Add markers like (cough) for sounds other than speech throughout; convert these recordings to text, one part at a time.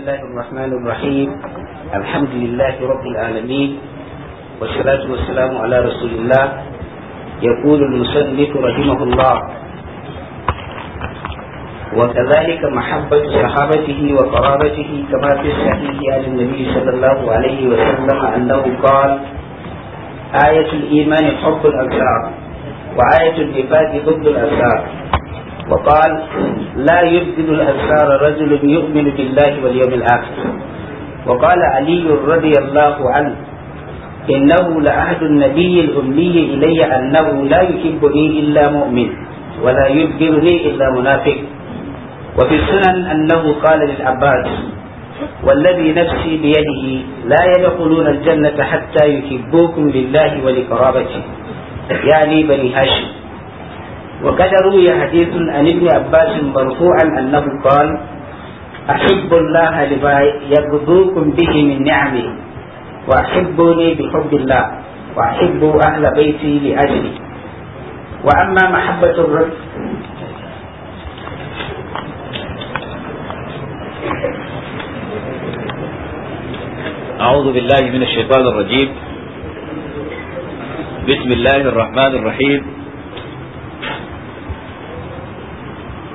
الله الرحمن الرحيم الحمد لله رب العالمين والصلاة والسلام على رسول الله يقول المصنف رحمه الله وكذلك محبة صحابته وقرابته كما في الصحيح عن النبي صلى الله عليه وسلم أنه قال آية الإيمان حب الأنصار وآية النفاق ضد الأنصار وقال لا يبدل الأذكار رجل يؤمن بالله واليوم الآخر وقال علي رضي الله عنه إنه لعهد النبي الأمي إلي أنه لا يحبني إلا مؤمن ولا يبدلني إلا منافق وفي السنن أنه قال للعباس والذي نفسي بيده لا يدخلون الجنة حتى يحبوكم لله ولقرابته يعني بني هاشم وقد روي حديث عن ابن عباس مرفوعا انه قال احب الله لما يغدوكم به من نعمه واحبوني بحب الله واحبوا اهل بيتي لاجلي واما محبه الرب أعوذ بالله من الشيطان الرجيم بسم الله الرحمن الرحيم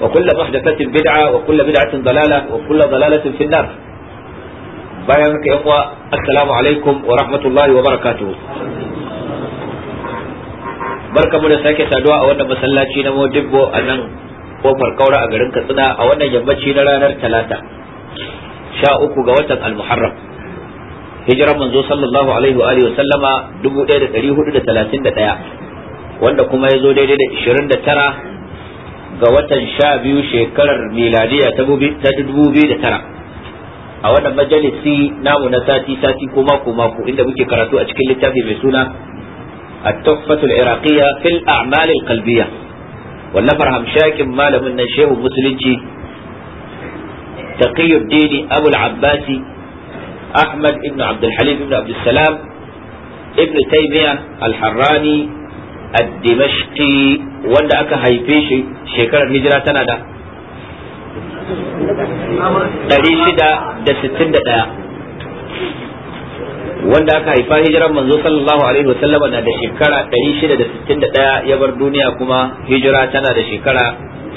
وكل محدثة بدعة وكل بدعة ضلالة وكل ضلالة في النار بيانك يا إخوة السلام عليكم ورحمة الله وبركاته barka mu da sake saduwa a wannan masallaci na Modibbo a nan kofar kaura a garin Katsina a wannan yammaci na ranar Talata sha uku ga watan Al-Muharram hijiran manzo sallallahu alaihi wa alihi wa sallama 1431 wanda kuma ya zo daidai da ga watan sha biyu shekarar miladiya ta dubu biyu da tara a wannan majalisi namu na sati sati ko mako mako inda muke karatu a cikin littafi mai suna a tuffatul iraqiyya fil a'mal al qalbiyya wallan farham shakin malamin nan shehu musulunci taqiyyud dini abul abbasi ahmad ibn abd al halim ibn abd salam ad-dimashqi wanda aka haife shi shekarar hijira tana da 661 wanda aka haifa hijiran manzo sallallahu alaihi wasallam na da shekara 661 ya bar duniya kuma hijira tana da shekara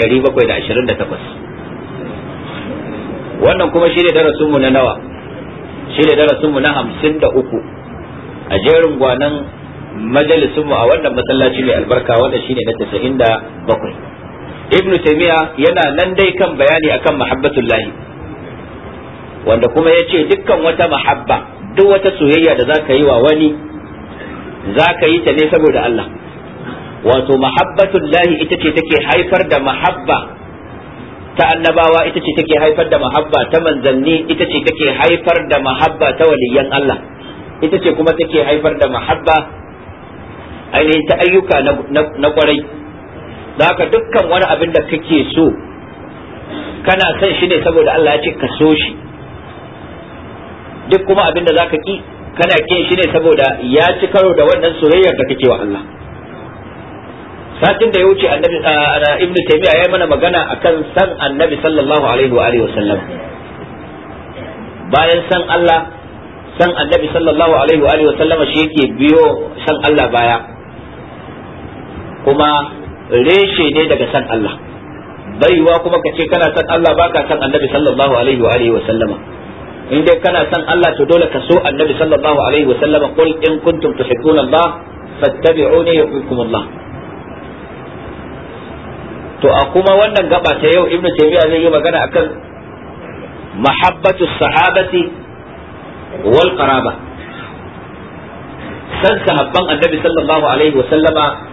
728 wannan kuma shi ne darasinmu na nawa shi ne darasinmu na 53 a jerin gwanan majalisun mu a wannan masallaci mai albarka wanda shine na 97 ibnu taymiya yana nan dai kan bayani akan Lahi, wanda kuma yace dukkan wata mahabba duk wata soyayya da zaka yi wa wani zaka yi ta ne saboda Allah wato Lahi ita ce take haifar da mahabba ta annabawa ita ce take haifar da mahabba ta manzanni ita ce take haifar da mahabba ta waliyan Allah ita ce kuma take haifar da mahabba ainihin ta ayyuka na kwarai za ka dukkan wani abin da kake so kana son shi ne saboda Allah ya ce ka so shi duk kuma abin da za ka ki kana kin shi ne saboda ya ci karo da wannan soyayyar da kake wa Allah satin da ya wuce annabi ibn taymiya ya yi mana magana akan san annabi sallallahu alaihi wa alihi wasallam bayan san Allah san annabi sallallahu alaihi wa alihi wasallam shi yake biyo san Allah baya kuma reshe ne daga san Allah baiwa kuma ka ce kana san Allah baka san annabi sallallahu alaihi wa alihi wa sallama in dai kana san Allah to dole ka so annabi sallallahu alaihi wa sallama qul in kuntum tuhibbuna Allah fattabi'uni yuhibbukum Allah to a kuma wannan gaba ta yau ibnu taymiya zai yi magana akan mahabbatu sahabati wal qaraba san sahabban annabi sallallahu alaihi wa sallama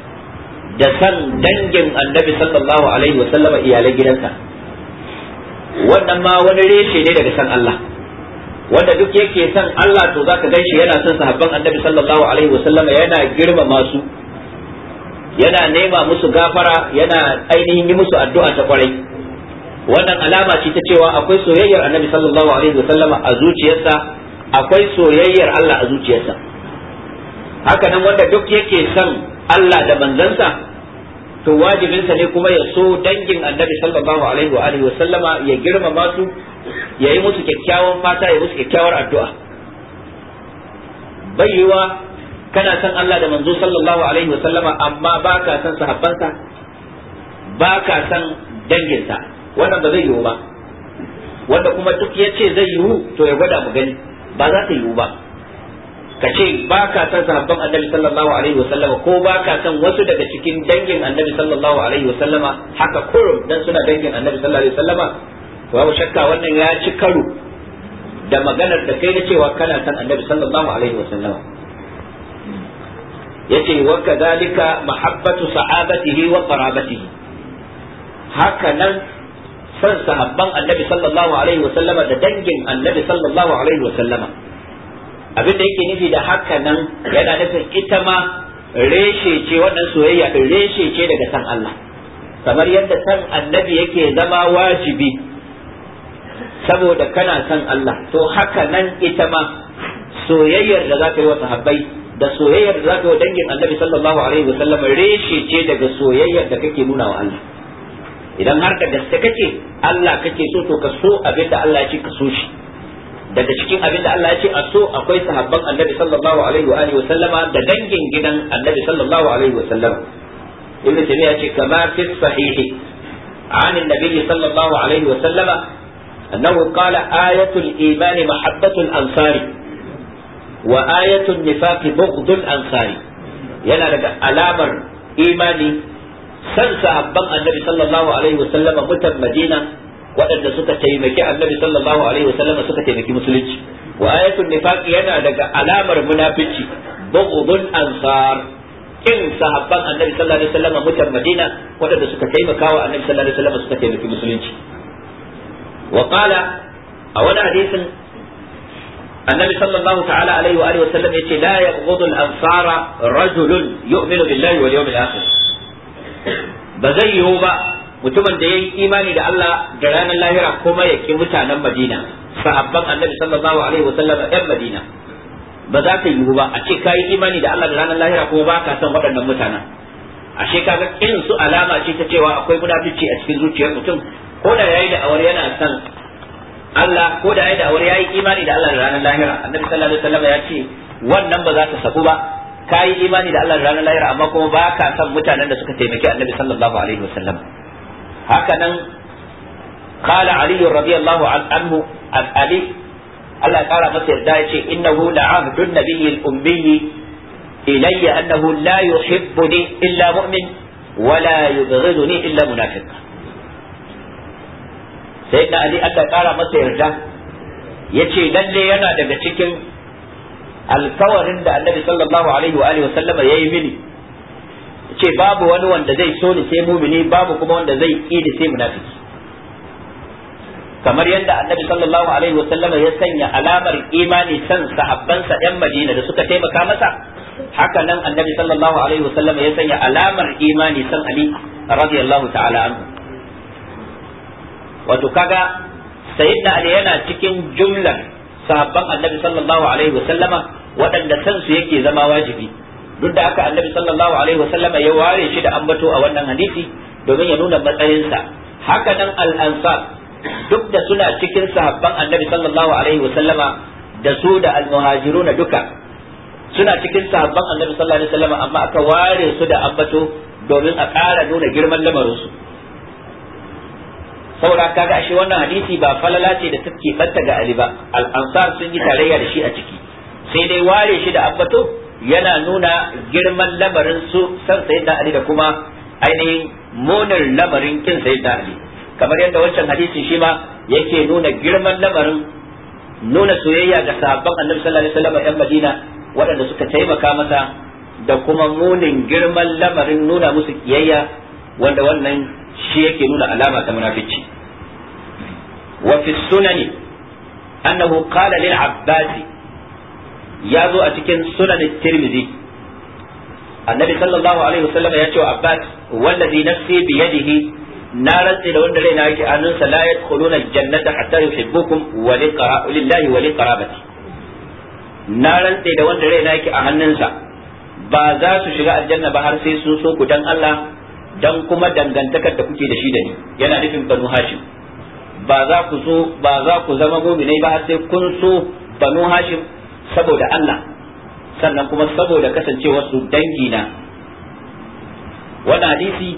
da san dangin annabi sallallahu alaihi wasallama iyalai gidansa wannan ma wani reshe ne daga san Allah wanda duk yake san Allah to zaka gan shi yana son sahabban annabi sallallahu alaihi wasallama yana girmama su yana nema musu gafara yana ainihin yi musu addu'a ta kwarai wannan alama ce ta cewa akwai soyayyar annabi sallallahu alaihi wasallama a zuciyarsa akwai soyayyar Allah a zuciyarsa haka nan wanda duk yake san. Allah da manzansa to wajibinsa ne kuma ya so dangin annabi sallallahu alaihi wa alihi sallama ya girmama su ya yi musu kyakkyawan fata ya musu kyakkyawar addu'a baiwa kana san Allah da manzo sallallahu alaihi wa sallama amma baka san sahabbansa baka san san danginsa wannan ba zai yiwu ba wanda kuma duk ya ce zai yiwu to ya gwada mu gani ba za ta yiwu ba ka ce ba ka san sahabban annabi sallallahu alaihi wasallama ko ba ka san wasu daga cikin dangin annabi sallallahu alaihi wasallama haka kurum dan suna dangin annabi sallallahu alaihi wasallama babu shakka wannan ya ci karo da maganar da kai na cewa kana san annabi sallallahu alaihi wasallama yace wa kadhalika mahabbatu sahabatihi wa qarabatihi haka nan san sahabban annabi sallallahu alaihi wasallama da dangin annabi sallallahu alaihi wasallama Abin da yake nufi da haka nan yana nufin ita ma reshe ce wannan soyayya din reshe ce daga san Allah kamar yadda san annabi yake zama wajibi saboda kana san Allah to haka nan ita ma soyayyar da za ka yi wa sahabbai da soyayyar da za ka yi wa dangin annabi sallallahu alaihi wa sallam, reshe ce daga soyayyar da kake nuna wa Allah idan har da gaske kake Allah kake so to ka so abin da Allah ya ce ka so shi daga cikin abin da Allah ya ce a so akwai sahabban annabi sallallahu alaihi wa alihi wa sallama da dangin gidan annabi sallallahu alaihi wa sallama ibnu tabi'a ce kama fi sahihi an annabi sallallahu alaihi wa sallama annahu qala ayatul iman mahabbatul ansari wa ayatul nifaq bughdul ansari yana daga alamar imani san sahabban annabi sallallahu alaihi wa sallama mutan madina waɗanda suka taimaki annabi sallallahu alaihi wasallam suka taimaki musulunci wa ayatul nifaq yana daga alamar munafici bughdul ansar kin sahabban annabi sallallahu alaihi wasallam mutan madina waɗanda suka taimaka wa annabi sallallahu alaihi wasallam suka taimaki musulunci wa qala a wani hadisin النبي صلى الله تعالى عليه وآله وسلم يقول لا يبغض الأنصار رجل يؤمن بالله واليوم الآخر بزيه بقى mutumin da ya yi imani da Allah da ranar lahira ko ya ki mutanen Madina sahabban annabi sallallahu alaihi wa sallam ɗan Madina ba za ka yiwu ba a ce ka yi imani da Allah da ranar lahira ko ba ka san waɗannan mutanen ka ga irin su alama ce ta cewa akwai munafici a cikin zuciyar mutum ko da yayi da aure yana san Allah ko da yayi da aure yayi imani da Allah da ranar lahira annabi sallallahu alaihi wa sallam ya ce wannan ba za ta saku ba ka yi imani da Allah da ranar lahira amma kuma ba ka san mutanen da suka taimaki annabi sallallahu alaihi wa sallam hakanan kala aliyu radiyallahu anhu al-ali Allah ya kara masa yarda yace innahu la'abdun nabiyil ummi ilayya annahu la yuhibbuni illa mu'min wa la yubghiduni illa munafiq sai da ali aka kara masa yarda yace lalle yana daga cikin alkawarin da annabi sallallahu alaihi wa alihi yayi mini ce babu wani wanda zai so ni sai mumini babu kuma wanda zai ki da sai munafiki kamar yadda annabi sallallahu alaihi wasallam ya sanya alamar imani san sahabbansa yan madina da suka taimaka masa haka nan annabi sallallahu alaihi wasallam ya sanya alamar imani san ali radiyallahu ta'ala anhu wato kaga sayyidina ali yana cikin jumlar sahabban annabi sallallahu alaihi wasallama waɗanda san su yake zama wajibi duk da aka annabi sallallahu alaihi wasallam ya ware shi da ambato a wannan hadisi domin ya nuna matsayinsa haka nan al-ansar duk da suna cikin sahabban annabi sallallahu alaihi wasallama da su da al-muhajiruna duka suna cikin sahabban annabi sallallahu alaihi wasallama amma aka ware su da ambato domin a ƙara nuna girman lamarinsu saboda kaga ashe wannan hadisi ba falala ce da take batta ga Ali ba al-ansar sun yi tarayya da shi a ciki sai dai ware shi da ambato yana nuna girman lamarin su san da ali da kuma ainihin munin lamarin kin sai da ali kamar yadda wancan hadisin shi ma yake nuna girman lamarin nuna soyayya ga sahabban annabi sallallahu alaihi wasallam yan madina waɗanda suka taimaka masa da kuma munin girman lamarin nuna musu kiyayya wanda wannan shi yake nuna alama ta munafici wa fi sunani annahu qala lil abbasi ya zo a cikin sunan tirmidhi annabi sallallahu alaihi wasallam ya ce wa abbas wallazi nafsi bi yadihi na rantsi da wanda raina yake hannunsa la yadkhuluna jannata hatta yuhibbukum wa lillahi wa liqarabati na rantsi da wanda raina yake a hannunsa ba za su shiga aljanna ba har sai sun so ku dan Allah dan kuma dangantakar da kuke da shi da ni yana nufin banu hashim ba za ku so ba za ku zama ne ba har sai kun so banu hashim saboda Allah sannan kuma saboda kasancewar su dangi na wannan hadisi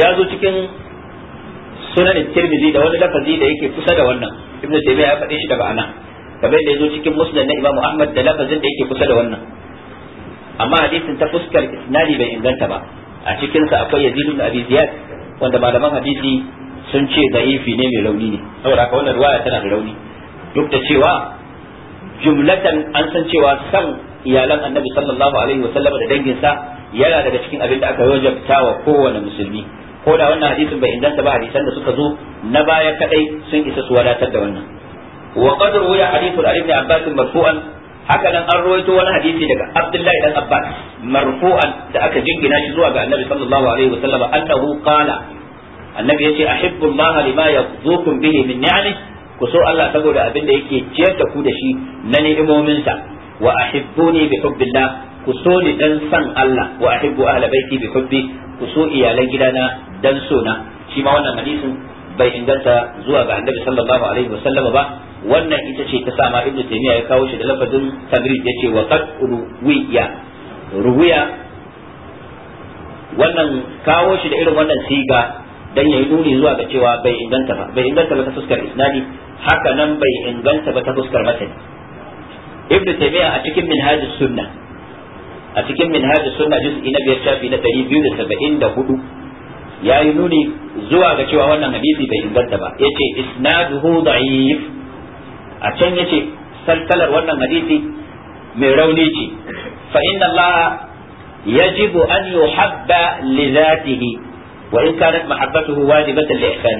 ya zo cikin sunan tirmidhi da wani lafazi da yake kusa da wannan ibnu taymiya ya faɗi shi daga ana kamar da ya zo cikin musnad na imamu ahmad da lafazin da yake kusa da wannan amma hadisin ta fuskar isnadi bai inganta ba a cikin sa akwai yazid ibn abi ziyad wanda malaman hadisi sun ce da'ifi ne mai rauni ne saboda haka wannan riwaya tana da rauni duk da cewa jumlatan an san cewa san iyalan annabi sallallahu alaihi wa sallam da danginsa yana daga cikin abin da aka wajabta wa kowane musulmi ko da wannan hadisin bai inganta ba hadisan da suka zo na baya kadai sun isa su wadatar da wannan wa qad ruwiya hadithu al-ibn abbas marfu'an haka nan an ruwaito wani hadisi daga abdullahi dan abbas marfu'an da aka jingina shi zuwa ga annabi sallallahu alaihi wa sallam annahu qala annabi yace ahibbu allaha lima yadhukum bihi min ni'amihi ku so Allah saboda abin da yake ciyar da ku da shi na ni'imominsa wa ahibbuni bi hubbillah ku so ni dan san Allah wa ahibbu ahla baiti bi hubbi ku so iyalan gidana dan sona shi ma wannan hadisin bai inganta zuwa ga annabi sallallahu alaihi wasallam ba wannan ita ce ta sama ibnu taymiya ya kawo shi da lafazin tabrid yace wa qad ruwiya ruwiya wannan kawo shi da irin wannan siga dan yayi nuni zuwa ga cewa bai inganta ba bai inganta ba ta fuskar isnadi haka nan bai inganta ba ta fuskar matani ibnu taymiya a cikin minhajus sunna a cikin minhajus sunna juz'i na biyar shafi na 274 yayi nuni zuwa ga cewa wannan hadisi bai inganta ba yace isnaduhu da'if a can yace salkalar wannan hadisi mai rauni ce fa inna allaha yajibu an yuhabba li dhatihi وإن كانت محبته واجبة wajibatan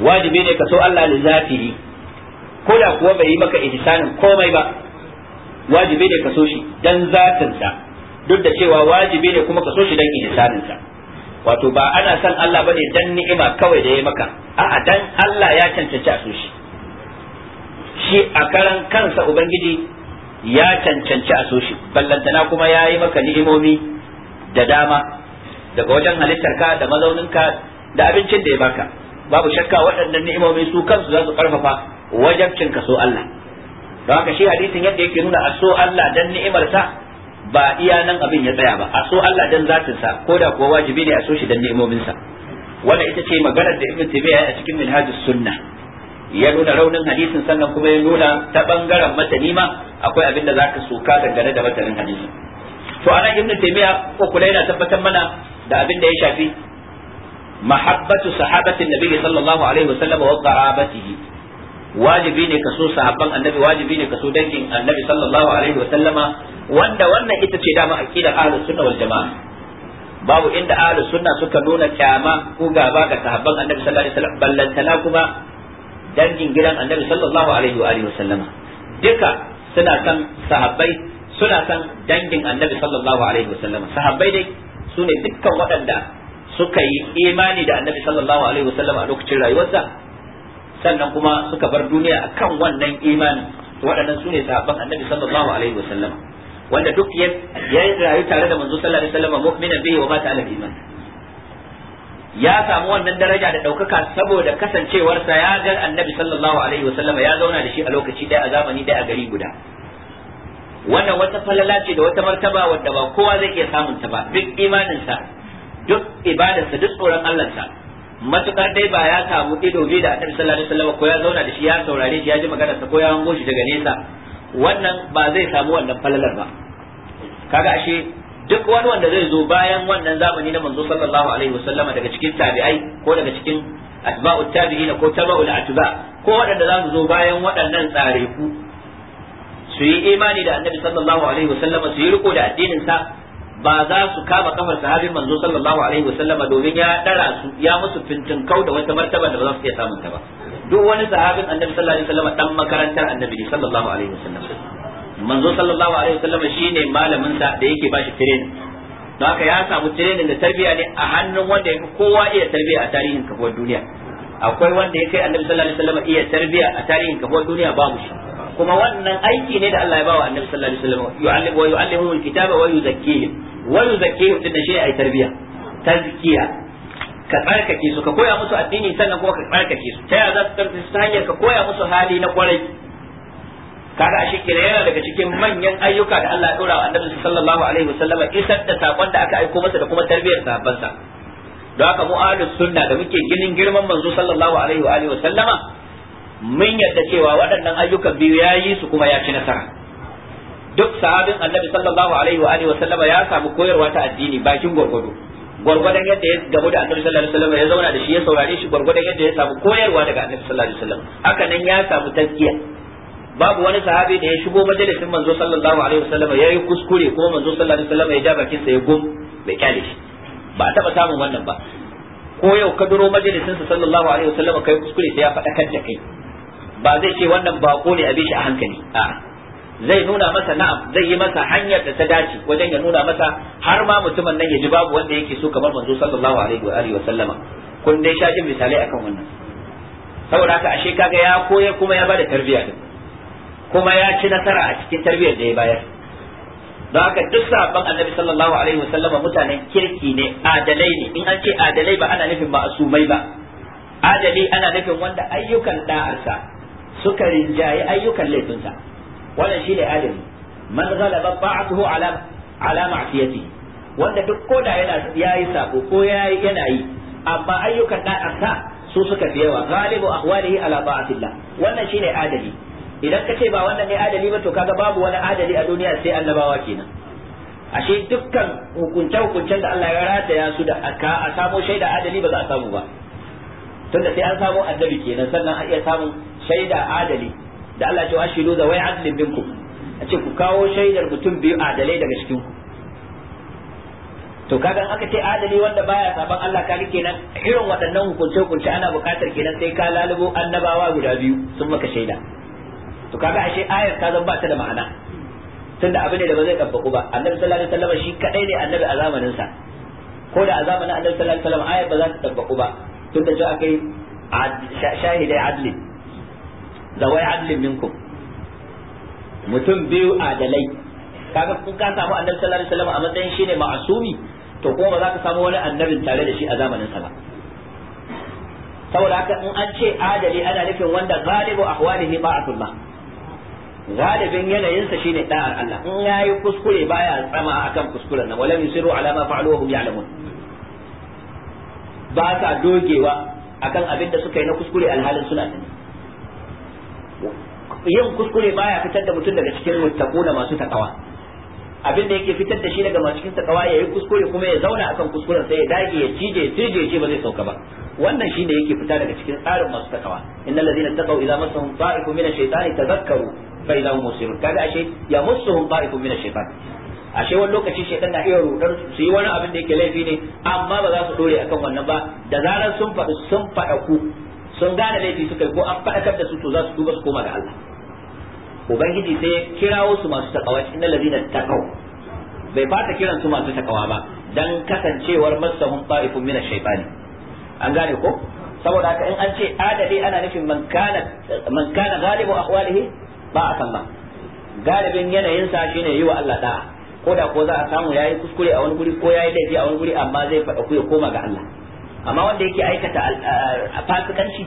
واجب ihsani wajibi ne لذاته so Allah li zatihi ko da kuwa bai yi maka ihsanin komai ba wajibi ne ka so shi duk da cewa wajibi ne kuma ka so shi dan wato ba ana son Allah bane dan ni'ima kawai da ya maka a'a dan Allah ya a shi a karan kansa ubangiji ya cancanci a so shi ballantana kuma ya yi maka ni'imomi da dama daga wajen halittar ka da mazaunin ka da abincin da ya baka babu shakka waɗannan ni'imomi su kansu za su karfafa wajabcin ka so Allah don haka shi hadisin yadda yake nuna a so Allah dan ni'imar sa ba iya nan abin ya tsaya ba a so Allah dan zatin sa ko da kuwa wajibi ne a so shi dan ni'imomin sa wanda ita ce maganar da Ibn Taymiyyah a cikin Minhajus Sunnah ya nuna raunin hadisin sannan kuma ya nuna ta bangaren mata ma akwai abin da zaka soka dangane da matanin hadisin to anan Ibn taymiya ko kula yana tabbatar mana da abin da ya shafi mahabbatu sahabatin nabi sallallahu alaihi wasallam wa qarabatihi wajibi ne kaso sahabban annabi wajibi ne kaso dangin annabi sallallahu alaihi wasallama wanda wannan ita ce dama aqidar ahlus sunna wal jamaa babu inda ahlus sunna suka nuna kyama ko gaba ga sahabban annabi sallallahu alaihi wasallam ballantana kuma dangin gidan annabi sallallahu alaihi wa alihi wasallama duka suna san sahabbai suna san dangin annabi sallallahu alaihi wasallama sahabbai dai su ne dukkan waɗanda suka yi imani da annabi sallallahu alaihi wasallam a lokacin rayuwarsa sannan kuma suka bar duniya akan wannan imanin waɗannan su ne sahabban annabi sallallahu alaihi wasallam wanda duk ya rayu tare da manzo sallallahu alaihi wasallam mu'minan bihi wa mata ala iman ya samu wannan daraja da ɗaukaka saboda kasancewarsa ya ga annabi sallallahu alaihi wasallam ya zauna da shi a lokaci ɗaya a zamani ɗaya a gari guda wannan wata falala ce da wata martaba wadda ba kowa zai iya samun ta ba duk imaninsa duk ibadarsa duk tsoron Allahnsa matukar dai ba ya samu ido bi da Annabi sallallahu alaihi wasallam ko ya zauna da shi ya saurare shi ya ji sa ko ya hango shi daga nesa wannan ba zai samu wannan falalar ba kaga ashe duk wani wanda zai zo bayan wannan zamani na manzo sallallahu alaihi wasallama daga cikin tabi'ai ko daga cikin asba'ut tabi'ina ko tabaul atba ko waɗanda za su zo bayan waɗannan tsare ku su yi imani da annabi sallallahu alaihi wasallam su yi riko da addinin sa ba za su kama kafar sahabin manzo sallallahu alaihi wasallam domin ya dara su ya musu fintin kau da wata martaba da ba za su iya samun ta ba duk wani sahabin annabi sallallahu alaihi wasallam dan makarantar annabi sallallahu alaihi wasallam manzo sallallahu alaihi wasallam shine malamin sa da yake bashi training don haka ya samu training da tarbiyya ne a hannun wanda yake kowa iya tarbiyya a tarihin kafuwar duniya akwai wanda ya kai annabi sallallahu alaihi wasallam iya tarbiyya a tarihin kafuwar duniya babu shi kuma wannan aiki ne da Allah ya bawa annabi sallallahu alaihi wasallam yu'allim wa yu'allimuhum alkitaba wa yuzakkihim wa yuzakkihim din shi ai tarbiya tazkiya ka tsarkake su ka koya musu addini sannan kuma ka tsarkake su ta yaya za su tsarkake su ta hanyar ka koya musu hali na kwarai kaga ashe kenan yana daga cikin manyan ayyuka da Allah ya dora wa annabi sallallahu alaihi wasallam isar da sakon da aka aiko masa da kuma tarbiyar sahabbansa don haka mu ahlus sunna da muke ginin girman manzo sallallahu alaihi wa alihi wasallama mun yadda cewa waɗannan ayyukan biyu ya yi su kuma ya ci nasara duk sahabin annabi sallallahu alaihi wa alihi wa sallama ya samu koyarwa ta addini bakin gwargwado gwargwadon yadda ya gamu da annabi sallallahu alaihi wa sallama ya zauna da shi ya saurare shi gwargwadon yadda ya samu koyarwa daga annabi sallallahu alaihi wa sallam haka nan ya samu tazkiya babu wani sahabi da ya shigo majalisin manzo sallallahu alaihi wa sallama ya yi kuskure ko manzo sallallahu alaihi wa sallama ya ja bakin sa ya gum bai kyale shi ba a taba samun wannan ba ko yau ka duro majalisin sa sallallahu alaihi sallama kai kuskure sai ya faɗa kan da kai ba zai ce wannan bako ne a bi shi a hankali a zai nuna masa na'am zai yi masa hanyar da ta dace wajen ya nuna masa har ma mutumin nan ya ji babu wanda yake so kamar manzo sallallahu alaihi wa alihi wa sallama kun dai jin misalai akan wannan saboda haka ashe kaga ya koyar kuma ya bada tarbiyya din kuma ya ci nasara a cikin tarbiyyar da ya bayar don haka duk sabon annabi sallallahu alaihi wa sallama mutanen kirki ne adalai ne in an ce adalai ba ana nufin ba ma'asumai ba adali ana nufin wanda ayyukan da'arsa suka rinjayi ayyukan laifinsa wannan shine adali man ghalaba ta'atuhu ala ala ma'siyati wanda duk koda yana yayi sako ko yayi yana yi amma ayyukan da'arsa su suka fi yawa ghalibu ahwalihi ala ba'atillah wannan shine adali idan ka ce ba wannan ne adali ba to kaga babu wani adali a duniya sai annabawa kenan ashe dukkan hukunce hukuncen da Allah ya rataya su da aka a samu shaida adali ba za a samu ba tunda sai an samu annabi kenan sannan a iya samun shaida adali da Allah ya ce ashidu da wai adlin binku a ce ku kawo shaidar mutum biyu adalai daga cikin ku to kaga aka ce adali wanda baya saban Allah rike kenan irin waɗannan hukunce hukunce ana buƙatar kenan sai ka lalubo annabawa guda biyu sun maka shaida to kaga ashe ayar ta zan ba ta da ma'ana tunda abin da ba zai ɗabbaku ba annabi sallallahu alaihi wasallam shi kadai ne annabi a zamanin sa ko da a zamanin annabi sallallahu alaihi wasallam ayar ba za ta tabbaku ba tunda cewa akai shahidai adli wai adalin minkum mutum biyu adalai kaga kun ka samu annabi sallallahu alaihi wasallam a matsayin shine ma'asumi to kuma ba za ka samu wani annabi tare da shi a zamanin sa ba saboda haka in an ce adali ana nufin wanda galibu ahwalihi ba'atullah galibin yanayinsa shine da'ar Allah in yayi kuskure baya tsama akan kuskuren nan walam yusiru ala ma fa'alu wa hum ya'lamun ba sa dogewa akan abin da suka yi na kuskure alhalin suna sani yin kuskure baya fitar da mutum daga cikin muttaquna masu takawa abin da yake fitar da shi daga masu cikin takawa yayi kuskure kuma ya zauna akan kuskuren sai ya dage ya cije ya cije ce ba zai sauka ba wannan shine yake fita daga cikin tsarin masu takawa innal ladina taqaw idza massahum ta'ifun min ash-shaytani tadhakkaru fa idza hum muslimun kaga ashe ya massuhum ta'ifun min ash shaytani ashe wani lokaci shaytan na iya rudar su yi wani abin da yake laifi ne amma ba za su dore akan wannan ba da zarar sun faɗi sun faɗa ku sun gane laifi suka yi ko an faɗakar da su to za su duba su koma ga Allah ubangiji sai ya kirawo su masu takawa innal ladina bai fata kiran su masu takawa ba dan kasancewar masahum ta'ifun min shaytani an gane ko saboda haka in an ce adadi ana nufin man kana man kana galibu ahwalihi ba a san ba galibin yanayin sa shine yi wa Allah da ko da ko za a samu yayi kuskure a wani guri ko yayi laifi a wani guri amma zai fada ku ya koma ga Allah amma wanda yake aikata fasikanci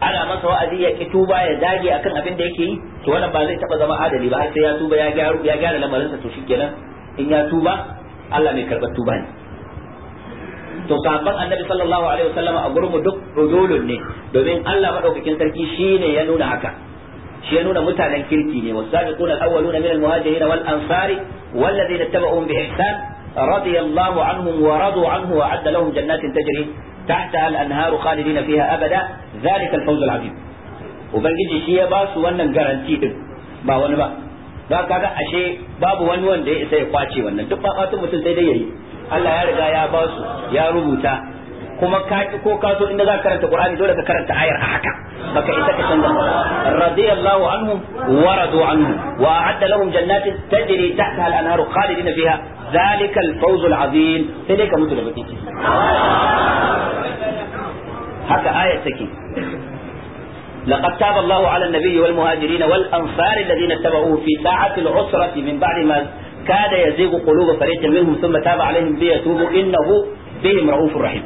ana masa wa'azi ya ki tuba ya dage akan abin da yake yi to wannan ba zai taba zama adali ba har sai ya tuba ya gyara ya gyara lamarinsa to shikenan in ya tuba Allah mai karɓar tuba ne to sahabban annabi sallallahu alaihi wasallam a gurmu duk udulun ne domin Allah madaukakin sarki shine ya nuna haka shi ya nuna mutanen kirki ne wasabiquna alawwaluna min almuhajirin wal ansari والذين اتبعوهم بإحسان رضي wa radu ورضوا عنه وأعد لهم jannatin تجري تحتها الأنهار خالدين فيها أبدا ذلك الفوز العظيم وبنجي شيء باس wannan garanti din ba wani ba za ka ashe babu wani wanda ya isa ya kwace wannan duk ba mutum sai dai yayi Allah ya riga ya basu ya rubuta kuma ka ki ko ka so inda za ka karanta Qur'ani dole ka karanta ayar a haka baka isa ka canza radiyallahu anhum wa radu anhum wa a'adda lahum jannatin tajri tahtaha al-anharu khalidin fiha dhalika al-fawz al-azim sai dai ka mutu da baki haka ayar take لقد تاب الله على النبي والمهاجرين والأنصار الذين اتبعوه في ساعة العسرة من بعد ما كاد يزيغ قلوب فريق منهم ثم تاب عليهم ليتوبوا إنه بهم رؤوف رحيم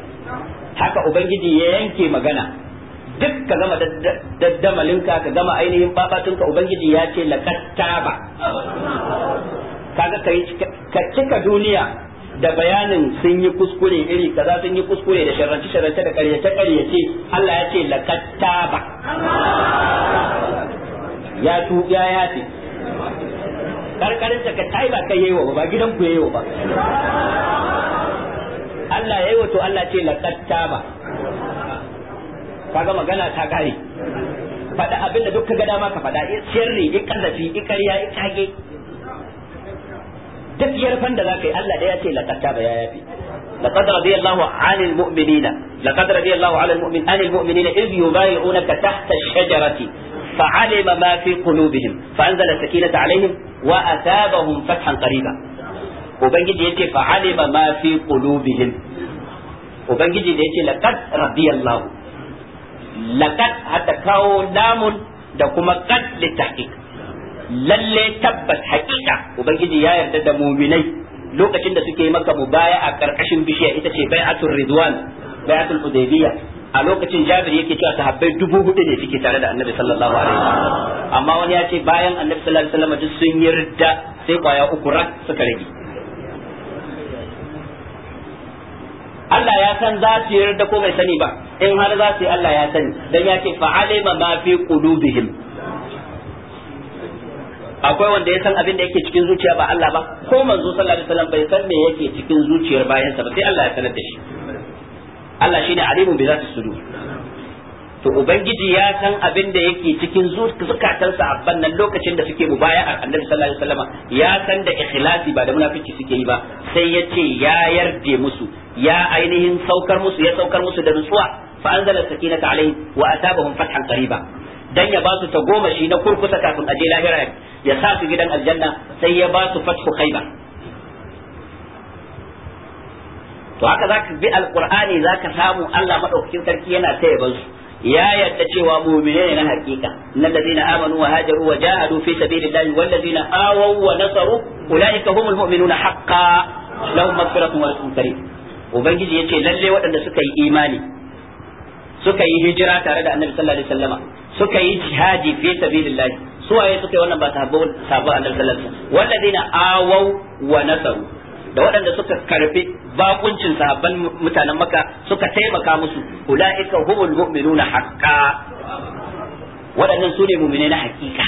haka ubangiji ya yanke magana duk ka gama daddamalinka ka gama ainihin babatunka ubangiji ya ce laqad taba kaga kai ka cika duniya da bayanin sun yi kuskure iri kaza sun yi kuskure da sharranci sharranci da karyace ce, Allah ya ce laqad taba ya tu ya ce karkarin ka ba kai yayi wa ba gidan ku yayi wa ba Allah yi wato Allah ce laqad taba kaga magana ta kare faɗa abinda duk ka ga dama faɗa in sirri in kazafi in ƙarya in kage duk yarfan da zaka yi Allah da ya ce laqad taba ya yafi لقد رضي الله عن المؤمنين لقد رضي الله على المؤمن عن المؤمنين إذ يبايعونك تحت الشجرة فعلم ما في قلوبهم فأنزل السكينة عليهم وأثابهم فتحا قريبا ubangiji yace fa alima ma fi qulubihim ubangiji da yace laqad radiyallahu laqad hatta kawo lamun da kuma qad litahqiq lalle tabbas haqiqa ubangiji ya yarda da mu'minai lokacin da suke maka a karkashin bishiya ita ce bai'atul ridwan bai'atul hudaybiyah a lokacin jabir yake cewa sahabbai dubu hudu ne suke tare da annabi sallallahu alaihi wasallam amma wani ya ce bayan annabi sallallahu alaihi wasallam duk sun yarda sai kwaya uku rak suka rage Allah ya san za su yarda ko bai sani ba in har za su yi Allah ya sani dan ya ce fa alima ma fi qulubihim akwai wanda ya san abin da yake cikin zuciya ba Allah ba ko manzo sallallahu alaihi wasallam bai san me yake cikin zuciyar bayansa ba sai Allah ya sanar da shi Allah shine alimun bi zati sudur to ubangiji ya san abin da yake cikin zukatan sahabban nan lokacin da suke baya annabi sallallahu alaihi wasallam ya san da ikhlasi ba da munafici suke yi ba sai ya ce ya yarde musu ya ainihin saukar musu ya saukar musu da nutsuwa fa anzala sakinata alaihi wa atabahum fathan qariba dan ya ba su ta goma shi na kurkusa kafin aje lahira ya sa su gidan aljanna sai ya ba su fathu khaiba to haka zaka bi alqur'ani zaka samu Allah madaukakin sarki yana taya ya yadda cewa mu'mine ne na hakika na ladina amanu wa hajaru wa jahadu fi sabilillahi wal ladina awaw wa nasaru ulaika humul mu'minuna haqqan lahum maghfiratun wa rizqun karim ubangiji yace lalle waɗanda suka yi imani suka yi hijira tare da annabi sallallahu alaihi wasallama suka yi jihadi fi sabilillahi su waye suka yi wannan ba sahabbai sahabbai annabi sallallahu alaihi wasallam walladina awaw wa nasaru da waɗanda suka karfi bakuncin sahabban mutanen maka suka taimaka musu ulaika humul mu'minuna haqqa waɗannan su ne mu'minai na hakika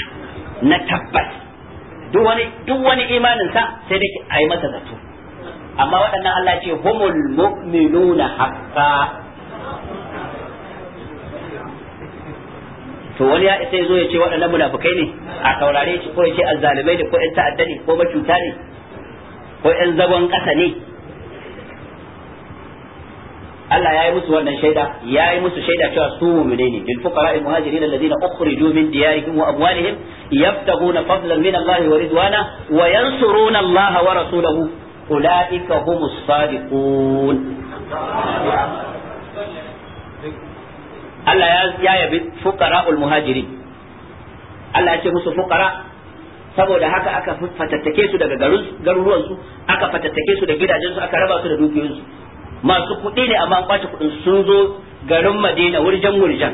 na tabbas duk wani duk wani imanin sa sai dai a yi masa zato amma waɗannan Allah ce humul mu'minuna haqqa to wani ya sai zo ya ce waɗannan munafukai ne a saurare shi ko ya ce azzalimai da ko ƴan ta'adda ne ko macuta ne ko ‘yan zagon ƙasa ne Allah ya yi musu wannan shaida ya yi musu shaida cewa su mu'mine ne bil fuqara al muhajirin alladhina ukhriju min diyarihim wa amwalihim yabtaguna fadlan min Allah wa ridwana wa yansuruna Allah wa rasulahu ulaika humus sadiqun Allah ya yabi fuqara al muhajirin Allah ya ce musu fuqara saboda haka aka fatattake su daga garuruwan su aka fatattake su da gidajen su aka raba su da dukiyoyin su masu kuɗi ne amma kwace kuɗin sun zo garin Madina wurjan wurjan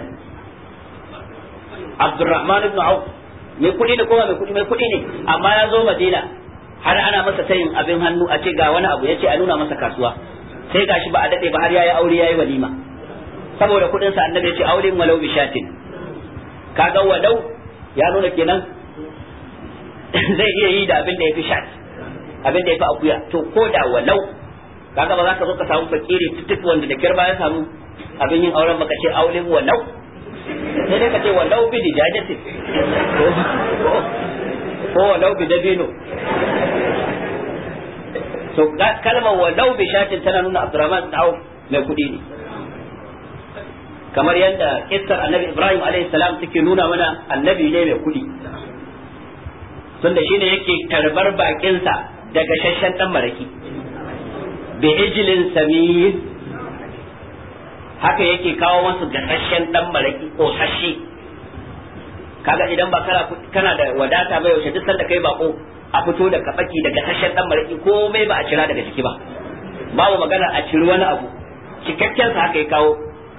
Abdurrahman ibn Auf mai kuɗi ne kowa mai kuɗi mai kuɗi ne amma ya zo Madina har ana masa sayin abin hannu a ce ga wani abu ya ce a nuna masa kasuwa sai gashi ba a daɗe ba har ya yi aure yayi walima saboda kuɗin sa annabi ya ce walau walau bishatin kaga walau ya nuna kenan (coughs) zai iya yi da abin da ya fi shat abin da ya fi akuya to ko da walau kaga ba za ka zo ka samu fakiri tutuk wanda da kirba ya samu abin yin auren baka ce aure walau sai dai ka ce walau bi dijajatin ko walau bi dabino to kalmar walau bi shatin tana nuna Abdurrahman da au mai kuɗi ne kamar yadda kissar annabi Ibrahim alaihi salam take nuna mana annabi ne mai kuɗi tunda shine yake karbar bakinsa daga shashen dan maraki bi ijlin samin haka yake kawo masu gasashen dan maraki ko hashi kaga idan ba kana kana da wadata ba yaushe duk sanda kai bako a fito da kafaki da gasashen dan maraki komai ba a cira daga ciki ba babu magana a ciri wani abu cikakken sa haka ya kawo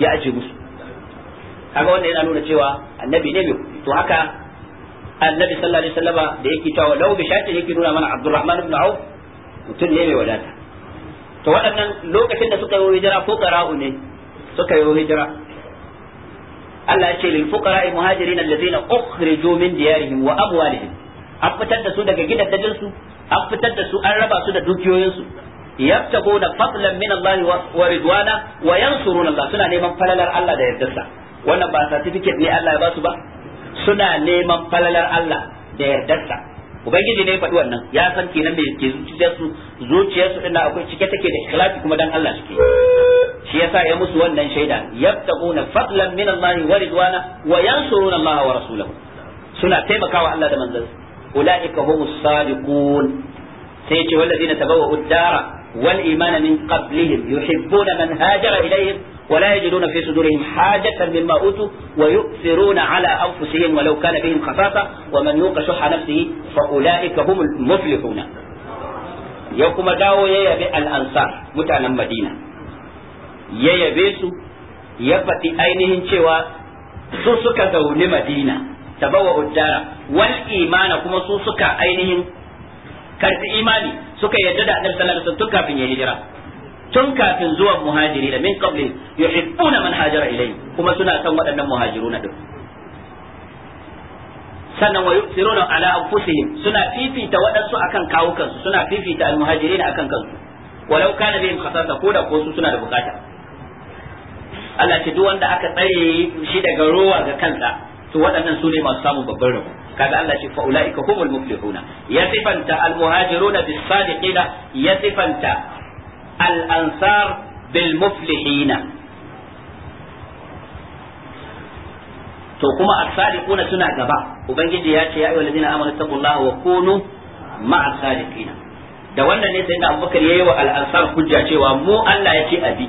ya aje musu kaga wannan yana nuna cewa annabi ne to haka annabi sallallahu alaihi wasallama da yake cewa lau bi shatin yake nuna mana Abdurrahman ibn Auf mutum ne mai wadata to waɗannan lokacin da suka yi hijira fuqara'u ne suka yi hijira Allah ya ce lil fuqara'i muhajirin alladhina ukhriju min diyarihim wa abwalihim an fitar da su daga gidajen su an fitar da su an raba su da dukiyoyin su yabtaguna fadlan min Allah wa ridwana wa yansuruna Allah suna neman falalar Allah da yardarsa wannan ba certificate ne Allah ya ba su ba suna neman falalar Allah da yardarsa ubangiji ne faɗi wannan ya san kenan me ke zuciyarsu zuciyarsu ina akwai cike take da ikhlasi kuma dan Allah suke shi yasa ya musu wannan shaida yabtaquna fadlan min Allah wa ridwana wa yansuruna Allah wa rasulahu suna taimakawa Allah da manzansa ulaika humus sadiqun sai ce wallazina tabawwa'u dara والإيمان من قبلهم يحبون من هاجر إليهم ولا يجدون في صدورهم حاجة مما أوتوا ويؤثرون على أنفسهم ولو كان بهم خفافة ومن يوق شح نفسه فأولئك هم المفلحون يوكما داو يبي الأنصار متعنا مدينة يبي سو يفتي أينهم شوى سوسك دون مدينة تبوأ الدار والإيمان كما سوسك أينهم karfi imani suka yadda da annabi sallallahu alaihi wasallam tun kafin ya hijira tun kafin zuwan muhajiri da min qabli yuhibbuna man hajara ilayhi kuma suna son waɗannan muhajiruna din sannan wa yusiruna ala anfusihim suna fifita waɗansu akan kawukansu suna fifita almuhajirin akan kansu walau kana bihim khasasa ko da ko su suna da bukata Allah ce duk wanda aka tsare shi daga rowa ga kansa to waɗannan su ne masu samun babban rabo kaga Allah ce faulaika humul muflihuna ya sifanta al muhajiruna bis sadiqina ya sifanta al ansar bil muflihina to kuma as-sadiquna suna gaba ubangiji ya ce ya ayyuhal ladina amanu taqullaha wa kunu ma'a sadiqina da wannan ne sai da Abubakar yayi wa al-ansar hujja cewa mu Allah ya ce abi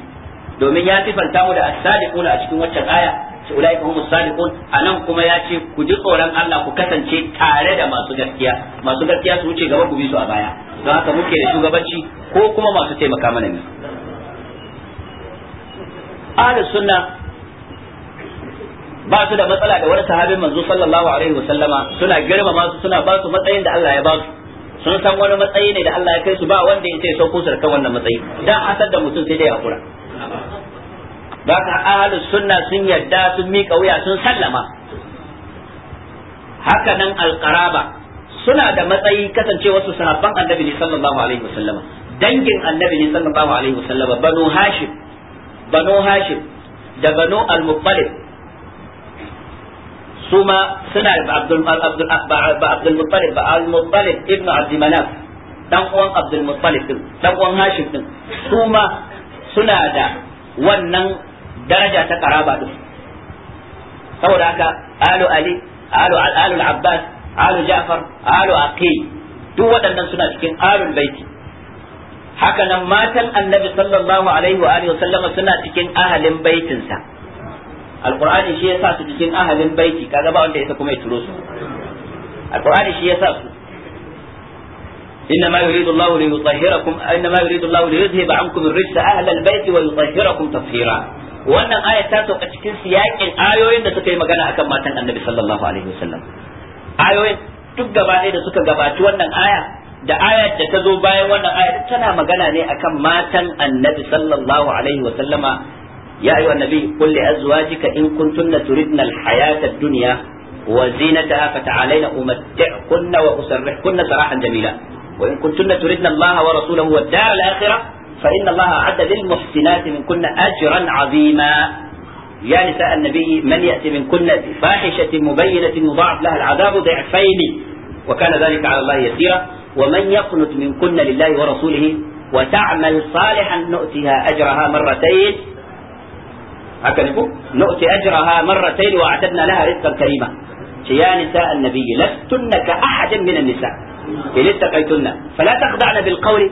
domin ya sifanta mu da as-sadiquna a cikin waccan aya ulai hum sadiqun anan kuma ya ce ku ji tsoron Allah ku kasance tare da masu gaskiya masu gaskiya su wuce gaba ku bi su a baya don haka muke da shugabanci ko kuma masu taimaka mana ne ahli sunna ba su da matsala da wani sahabin manzo sallallahu alaihi wasallama suna girmama su suna ba su matsayin da Allah ya ba su sun san wani matsayi ne da Allah ya kai su ba wanda ya ce sauko su kan wannan matsayi dan asar da mutum sai dai hakura da haka ahlus sunna sun yarda sun miƙa wuya sun sallama haka nan alqaraba suna da matsayi kasance su sahabban annabi ne sallallahu alaihi wasallama dangin annabi ne sallallahu alaihi wasallama banu hashim banu hashim da banu al-muttalib suma suna da abdul abdul ba abdul muttalib ba al-muttalib ibnu abd manaf dan uwan abdul muttalib din dan uwan hashim din suma suna da wannan daraja ta karaba din saboda haka alu ali alu alu abbas alu ja'far alu aqil duk waɗannan suna cikin alul baiti haka nan matan annabi sallallahu alaihi wa alihi sallama suna cikin ahalin baitinsa alqur'ani shi yasa su cikin ahalin baiti kaga ba wanda yasa kuma ya turo su alqur'ani shi yasa su إنما يريد الله ليطهركم إنما يريد الله ليذهب عنكم الرجس أهل البيت ويطهركم تطهيرا wannan aya ta sauka cikin siyakin ayoyin da suka yi magana akan matan annabi sallallahu alaihi wasallam ayoyin duk gaba da suka gabaci wannan aya da aya da ta zo bayan wannan aya tana magana ne akan matan annabi sallallahu alaihi wasallama ya ayyuha annabi qul li azwajika in kuntunna turidna al ad-dunya wa zinataha fata'alayna umatti'kunna wa usarrihkunna sarahan jamila wa in kuntunna turidna Allah wa rasulahu wad-dar al-akhirah فإن الله أعد للمحسنات من كن أجرا عظيما يا نساء النبي من يأتي من كن بفاحشة مبينة مضاعف لها العذاب ضعفين وكان ذلك على الله يسيرا ومن يقنت من كن لله ورسوله وتعمل صالحا نؤتها أجرها مرتين هكذا نؤتي أجرها مرتين وأعتدنا لها رزقا كريما يا نساء النبي لستن كأحد من النساء إن اتقيتن فلا تخضعن بالقول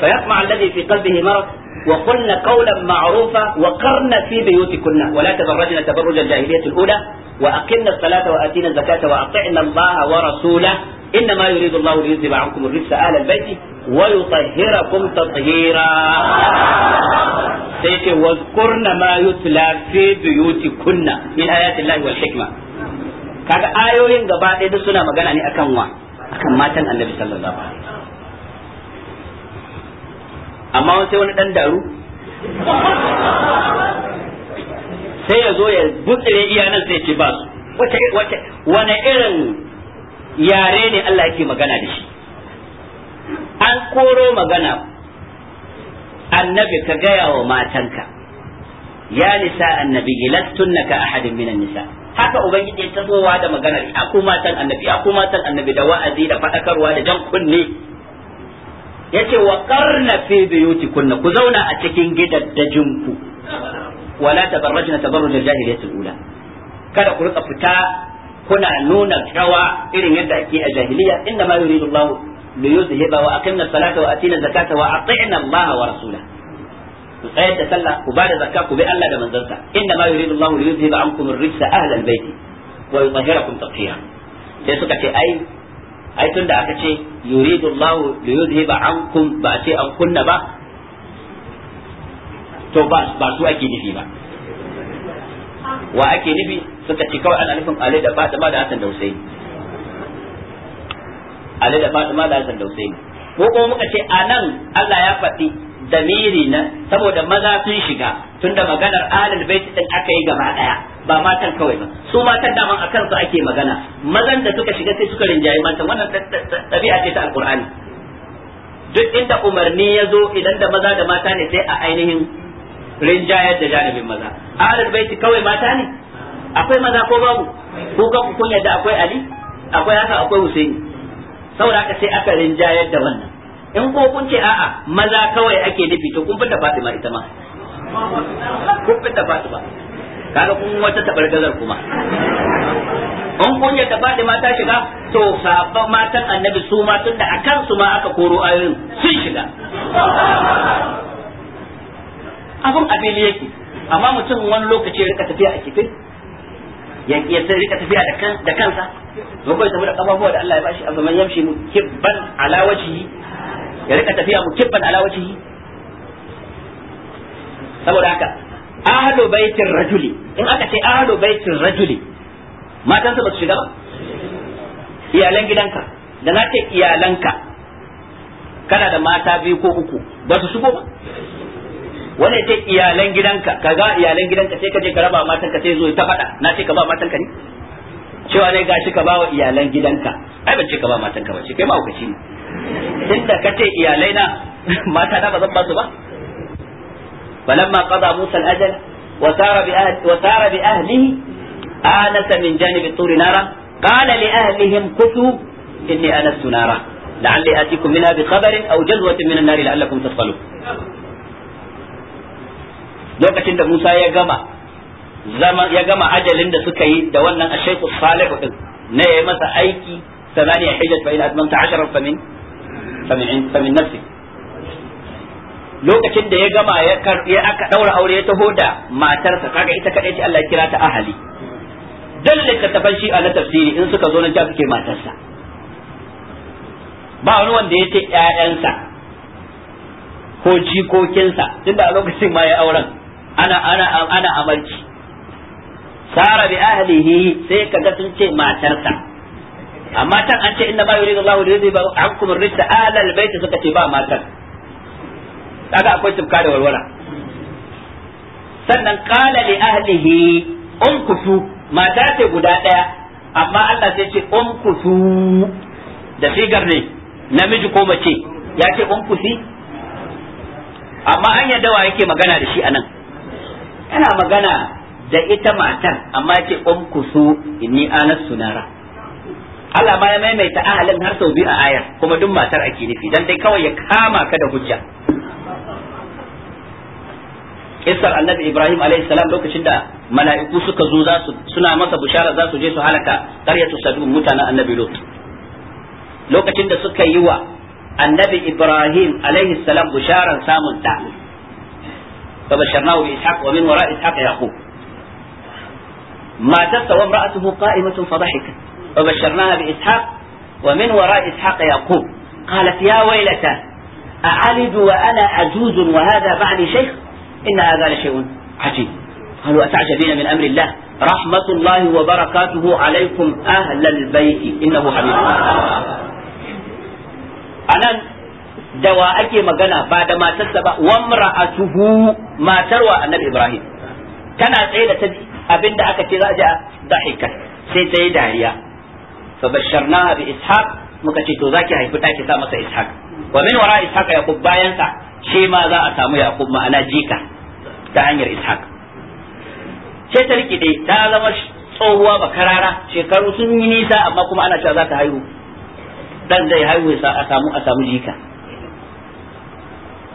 فيطمع الذي في قلبه مرض وقلن قولا معروفا وقرن في بيوتكن ولا تبرجن تبرج الجاهلية الأولى وأقمنا الصلاة وآتينا الزكاة وأطعنا الله ورسوله إنما يريد الله ليذهب عنكم الرجس آل البيت ويطهركم تطهيرا سيتي واذكرن ما يتلى في بيوتكن من آيات الله والحكمة كذا ayoyin gaba ɗaya suna magana ne akan wa النبي صلى الله عليه وسلم. amma sai wani dan daru sai ya zo ya butsire iyanan sai ce ba su wani irin yare ne Allah yake magana da shi an koro magana annabi ka gaya wa matanka ya nisa annabi lastunna ka ahadin minan nisa haka ubangiji ya tasowa da maganar a ku matan annabi a ku matan annabi da wa'azi da fadakarwa da jan kunne yace wa qarna fi buyutikunna ku zauna a cikin Ku wala tabarrajna tabarruj al-jahiliyyah al-ula kada ku rika fita kuna nuna rawa irin yadda ake a jahiliya inda ma yuridu Allah li yuzhiba wa aqimna salata wa atina zakata wa atina Allah wa rasulahu ku tsayar da sallah ku bada zakka ku bi Allah da manzansa inda ma yuridu Allah li yuzhiba ankum ar-rijsa ahla al-bayt wa yutahhirakum tatheera sai suka ce ai ai tun da aka ce yuridu Allah li yuzhiba ankum ba a ce an kunna ba to ba su ake nufi ba wa ake nufi suka ce kawai ana nufin alai da Fatima da Hassan da Husaini da Fatima da Hassan da ko kuma muka ce anan Allah ya faɗi damiri na saboda maza sun shiga tunda maganar alal bait din aka yi gaba daya ba matan kawai ba su matan daman a kansu ake magana mazan da suka shiga sai suka rinjaye matan wannan tabi'a ce ta alqur'ani duk inda umarni ya zo idan da maza da mata ne sai a ainihin rinjayar da janibin maza alal bait kawai mata ne akwai maza ko babu ko ga kun yadda akwai ali akwai haka akwai husaini saboda haka sai aka rinjayar da wannan in ko kun ce a'a maza kawai ake nufi to kun fita Fatima ita ma kun fita Fatima kaga kun wata tabargazar kuma in kun yadda Fatima ta shiga to sabon matan annabi su ma tun da akan su ma aka koro ayoyin sun shiga abun abin yake amma mutum wani lokaci rika tafiya a kifin ya sai rika tafiya da kansa don bai tafi da kafafuwa da Allah ya bashi azaman yamshi mu kibban ala wajhi ya rika tafiya mu kibban ala wajhi saboda haka ahlu baitir rajuli in aka ce ahlu baitir rajuli matansa ba su shiga ba iyalan gidanka da na ce iyalanka kana da mata biyu ko uku ba su shigo ba wanda ya ce iyalan gidanka ka ga iyalan gidanka sai ka je ka raba matan ka sai zo ta faɗa na ce ka ba matan ka ne cewa ne gashi ka ba wa iyalan gidanka ai ban ce ka ba matan ka ba ce kai ma ne tunda kace iyalai na mata na ba zan ba su ba falamma qada musa al-ajal wa sara bi ahli wa sara bi ahlihi anasa min janibi turi nara qala li ahlihim kutu inni anastu nara la'alli atikum minha bi khabarin aw jazwatin min an-nar la'allakum tasqalu lokacin da Musa ya gama zaman ya gama ajalin da suka yi da wannan ashaiku salihu din ne yayi masa aiki ثمانية حجج فإن أتممت عشرا famin famin nafsi lokacin da ya gama ya aka daura aure ya taho da matarsa kaga ita kadai ce Allah ya kira ta ahali ka littattafan shi na tafsiri in suka zo na ta suke matarsa ba wani wanda ya ce ƴaƴansa ko jikokinsa tunda a lokacin ma ya auren ana ana ana amarci sara bi ahlihi sai kaga sun ce matarsa amma tan an ce inna ma yuridu Allahu yuridu ankum ar-rijsa alal bait suka ce ba matan kaga akwai tufka da walwala sannan qala li ahlihi umkutu mata ce guda daya amma Allah sai ce umkutu da sigar ne namiji ko mace ya ce umkusi amma an yadda wa yake magana da shi anan ana magana da ita matan amma ce umkusu inni anas sunara Allah ma ya maimaita ahalin har sau biyu a ayar kuma duk matar ake nufi dan dai kawai ya kama ka da hujja Kisar annabi ibrahim alaihi salam lokacin da mala'iku suka zo za su suna masa bushara za su je su halaka qaryatu sadum mutanen annabi lut lokacin da suka yi wa annabi ibrahim alaihi salam busharan samun da fa basharnahu bi ishaq wa min wara ishaq yaqub matarsa wa imra'atuhu qa'imatun fadhahikat وبشرناها بإسحاق ومن وراء إسحاق يعقوب قالت يا ويلتى أعلد وأنا عجوز وهذا بعدي شيخ إن هذا لشيء عجيب قالوا أتعجبين من أمر الله رحمة الله وبركاته عليكم أهل البيت إنه حميد أنا دواء أكي magana بعد ما تسبع وامرأته ما تروى النبي إبراهيم كان tana tsaye da ta ضحكة سيدة ce fa basharnaha bi ishaq muka ce to zaki haifi da ki sa masa ishaq wa min wara ishaq yaqub bayan sa shi ma za a samu yaqub ma'ana jika ta hanyar ishaq ce ta rikide ta zama tsohuwa ba bakarara shekaru sun yi nisa amma kuma ana cewa za ta haihu dan dai haihu sa a samu a samu jika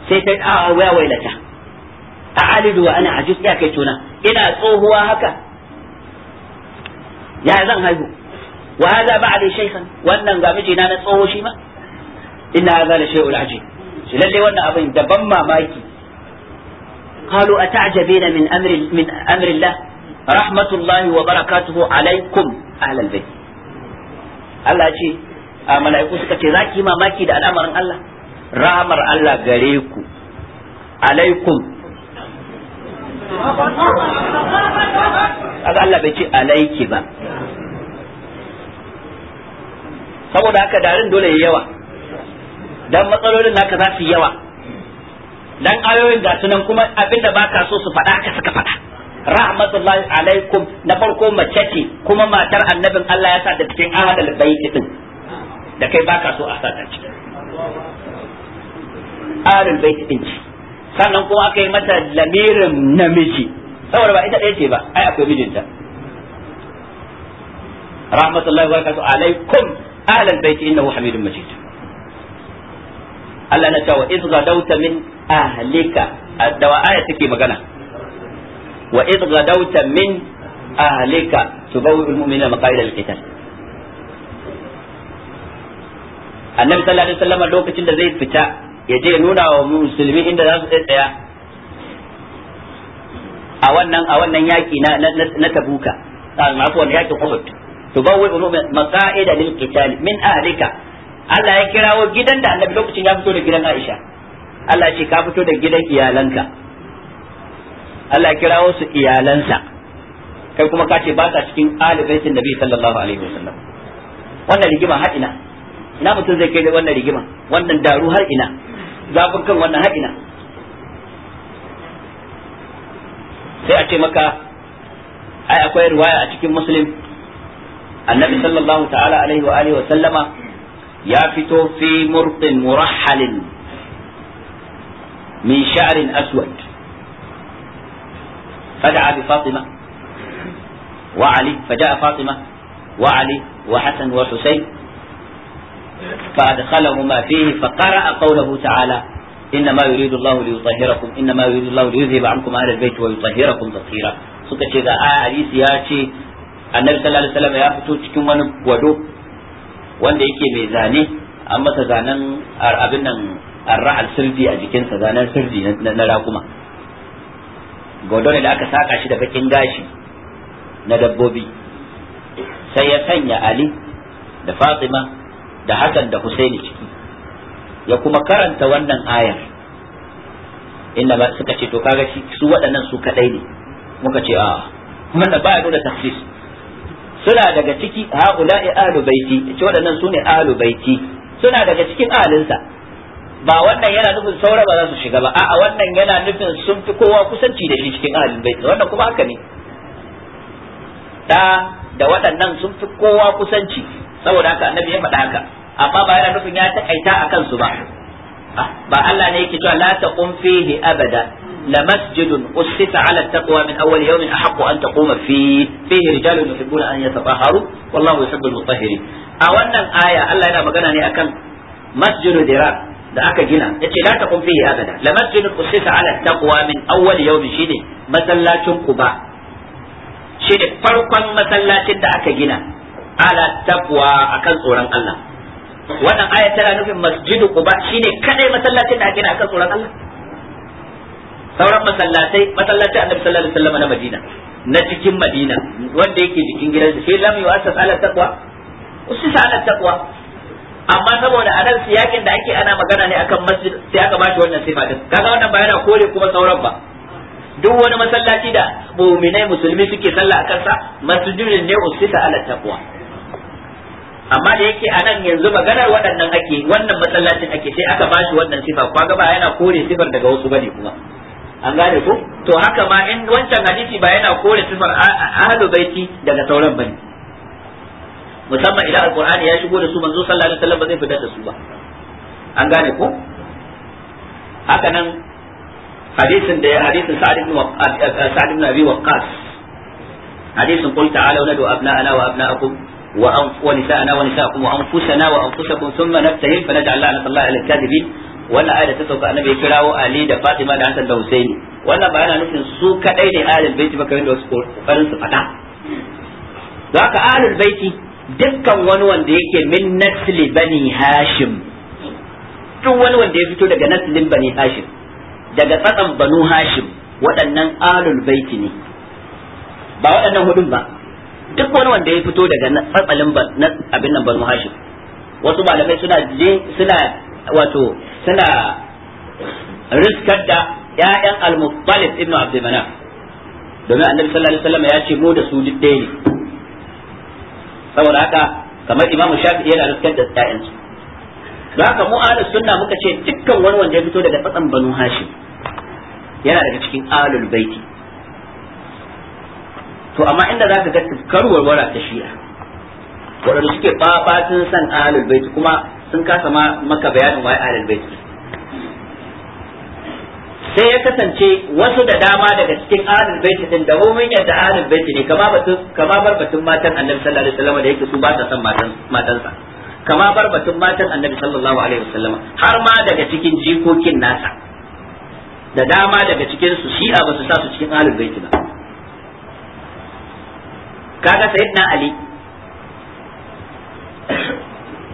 sai ta a waya wailata a alidu wa ana ajus kai tuna ina tsohuwa haka ya zan haihu wa hadha ba'li shaykhan wannan ga mijina na tsoho shi ma inna hadha la shay'un ajib shi lalle wannan abin da ban mamaki qalu ata'jabina min na min amri Allah rahmatullahi wa barakatuhu alaikum ahlal bayt Allah ce a suka ce zaki mamaki da al'amarin Allah rahamar Allah gare ku alaikum Allah bai alaiki ba saboda haka darin dole ya yawa dan matsalolin naka za su yawa dan ayoyin ga sunan kuma abinda baka so su faɗa ka suka faɗa rahmatullahi alaikum na farko mace ce kuma matar annabin Allah ya sa da cikin ahadal baiti din da kai baka so a sa ta ciki ahadal baiti din sannan kuma aka yi mata lamirin namiji saboda ba ita ɗaya ce ba ai akwai mijinta rahmatullahi wa barakatuh alaikum alal baiti innahu hamidun majid Allah na cewa iz gadawta min ahlika da wa aya magana wa iz gadawta min ahlika mu'minina al-qital annabi sallallahu alaihi wasallam lokacin da zai fita ya nuna wa musulmi inda a tubawwi maqa'ida lil qital min ahlika Allah ya kirawo gidan da annabi lokacin ya fito da gidan Aisha Allah ce ka fito da gidan iyalanka Allah ya kirawo su iyalansa kai kuma ka ce ba ta cikin ahli baitin nabi sallallahu alaihi wasallam wannan rigima har ina ina mutum zai kai da wannan rigima wannan daru har ina zafin kan wannan har ina sai a ce maka ai akwai riwaya a cikin muslim annabi sallallahu ta'ala wa sallama ya fito fi murqin murahhalin min sha'rin aswad fada'a bi fatima wa ali fada'a wa فأدخلهما فيه فقرأ قوله تعالى إنما يريد الله ليطهركم إنما يريد الله ليذهب عنكم أهل البيت ويطهركم تطهيرا suka ce ga a hadisi ya ce annabi sallallahu alaihi wasallam ya fito cikin wani gwado. wanda yake mai zane an masa zanen abin nan ar-ra'al sirdi a jikin sa zanen sirdi na rakuma Gwado ne da aka saka shi da bakin gashi na dabbobi sai ya sanya ali da fatima da hasan da husaini ciki ya kuma karanta wannan ayar inda ba suka ce to kaga su waɗannan su kadai ne muka ce a wannan ba ya nuna tafsir suna daga ciki haula'i ahlu baiti ce waɗannan sune ahlu baiti suna daga cikin ahalinsa ba wannan yana nufin saura ba za su shiga ba a'a wannan yana nufin sun fi kowa kusanci da shi cikin ahalin baiti wannan kuma haka ne da da waɗannan sun fi kowa kusanci saboda haka annabi ya faɗa haka amma ba yana nufin ya taƙaita a kansu ba ah, ba Allah ne yake cewa la taqum fihi abada لمسجد أسس على التقوى من أول يوم أحق أن تقوم فيه فيه رجال يحبون أن يتطهروا والله يحب المطهرين أولا آية الله أنا مجانا أكن مسجد درار da aka gina yace la taqum fihi abada la masjidun usisa ala taqwa min awwal yawmin shine masallacin quba shine farkon masallacin da aka gina ala taqwa akan tsoron Allah wannan aya tana nufin masjidu quba shine kadai masallacin da aka gina akan tsoron Allah sauran masallatai masallatai annabi sallallahu alaihi wasallam na Madina na cikin Madina wanda yake jikin gidansa shi lam yu'assas ala taqwa usisa ala taqwa amma saboda a nan siyakin da ake ana magana ne akan masjid sai aka bashi wannan sifa din kaga wannan ba yana kore kuma sauran ba duk wani masallaci da mu'minai musulmi suke sallah akan sa masjidun ne usisa ala taqwa amma da yake a nan yanzu maganar waɗannan ake wannan masallacin ake sai aka bashi wannan sifa kaga ba yana kore sifar daga wasu bane kuma an gane ko to haka ma in wancan hadisi ba yana kore sifar ahlul baiti daga sauran bane musamman idan alqur'ani ya shigo da su manzo sallallahu alaihi wasallam ba zai fitar da su ba an gane ko haka nan hadisin da hadisin sa'ad ibn sa'ad ibn abi waqqas hadisin qul ta'ala wa abna'ana wa abna'akum wa nisa'ana wa nisa'akum wa anfusana wa anfusakum thumma nabtahil fanaj'al la'nata allahi 'ala al-kadhibin wannan ayar da ta sauka annabi ya kirawo Ali da Fatima da Hassan da Husaini wannan ba yana nufin su kadai ne ahlul baiti baka kamar da wasu kokarin su faɗa don haka ahlul baiti dukkan wani wanda yake min nasli bani Hashim duk wani wanda ya fito daga naslin bani Hashim daga tsatsan banu Hashim waɗannan ahlul baiti ne ba waɗannan hudun ba duk wani wanda ya fito daga tsatsalin abin nan banu Hashim wasu malamai suna suna wato suna riskar da ƴaƴan al-muttalib ibn abd manaf domin annabi sallallahu alaihi wasallam ya ce mu da su duk ne saboda haka kamar imamu shafi'i yana riskar da ƴaƴan su haka mu ahlus sunna muka ce dukkan wani wanda ya fito daga tsatsan banu hashim yana daga cikin ahlul baiti to amma inda zaka ga tufkar warwara ta shi'a waɗanda suke fafatin san ahlul baiti kuma sun kasa ma maka bayanin waye ahlul bait sai ya kasance wasu da dama daga cikin ahlul bait din da mumin yadda ahlul bait ne kama batun kama barbatun matan annabi sallallahu alaihi wasallam da yake su ba ta san matan matansa kama barbatun matan annabi sallallahu alaihi wasallam har ma daga cikin jikokin nasa da dama daga cikin su shi'a ba su sa su cikin ahlul bait ba kaga sayyidina ali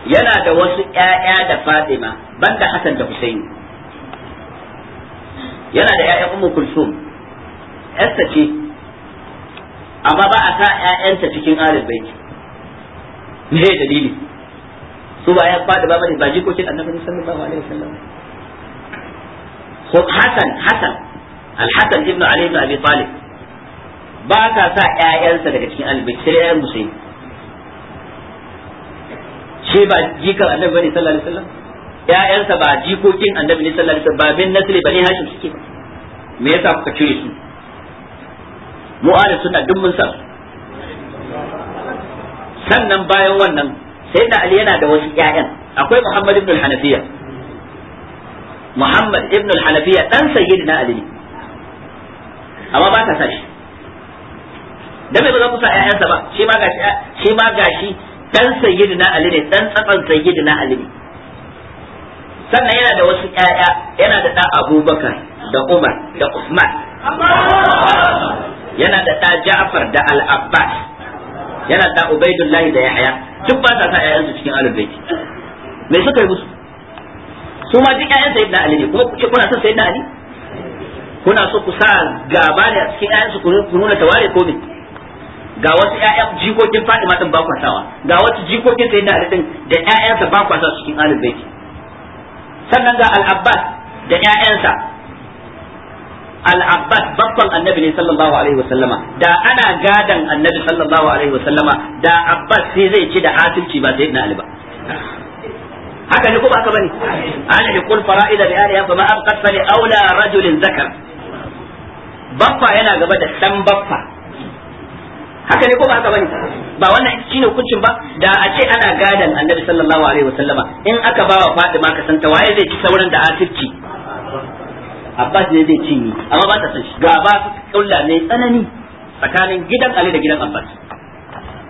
yana da wasu ƴaƴa da Fatima banda Hassan da Hussein yana da ƴaƴan Ummu Kulsum ƴarsa ce amma ba a sa ƴaƴanta cikin Ahlul Bait me dalili su ba ya fada ba bane ba jikokin Annabi sallallahu alaihi wasallam ko Hassan Hassan Al-Hassan ibn Ali ibn Abi Talib ba ta sa ƴaƴansa daga cikin Ahlul bai sai ƴaƴan Hussein ke ba jikar annabi bane sallallahu alaihi wasallam ƴaƴansa ba jikokin annabi ne sallallahu alaihi wasallam ba bin nasli bane hashim suke ba me yasa kuka cire su mu ala sunna duk mun san sannan bayan wannan sai da ali yana da wasu ƴaƴan akwai muhammad ibn al-hanafiya muhammad ibn al-hanafiya dan sayyidina ali amma ba ta sa shi dan bai ba za ku ƴaƴansa ba shi ma gashi shi ma gashi dan sayyidina ali ne dan tsatsan sayyidina ali ne sannan yana da wasu ƴaƴa yana da da abubakar da umar da usman yana da da ja'far da al-abbas yana da Ubaydullah da yahya duk ba sa sa ƴaƴansu cikin ahlul bait me suka yi musu su ma duk ƴaƴan sayyidina ali ne kuma kuke kuna son sayyidina ali kuna so ku sa gaba ne a cikin ƴaƴansu ku nuna tawari ko me ga wasu ƴaƴan jikokin Fatima din ba kwasawa ga wasu jikokin sai da din da ƴaƴansa ba kwasa cikin Ahlul baiti sannan ga Al-Abbas da ƴaƴansa Al-Abbas babban annabi ne sallallahu alaihi wasallama da ana gadan annabi sallallahu alaihi wasallama da Abbas sai zai ci da atilci ba da Ali ba haka ne ko ba ka bane ana da kul fara'ida da aliha fa ma abqat fa li aula rajulin zakar baffa yana gaba da dan baffa haka ne ko ba haka bane ba wannan shine hukuncin ba da a ce ana gadan annabi sallallahu alaihi wasallama in aka ba wa fatima ka santa waye zai ci sauran da asirci abbas ne zai ni amma ba ta san shi gaba kulla ne tsanani tsakanin gidan ali da gidan abbas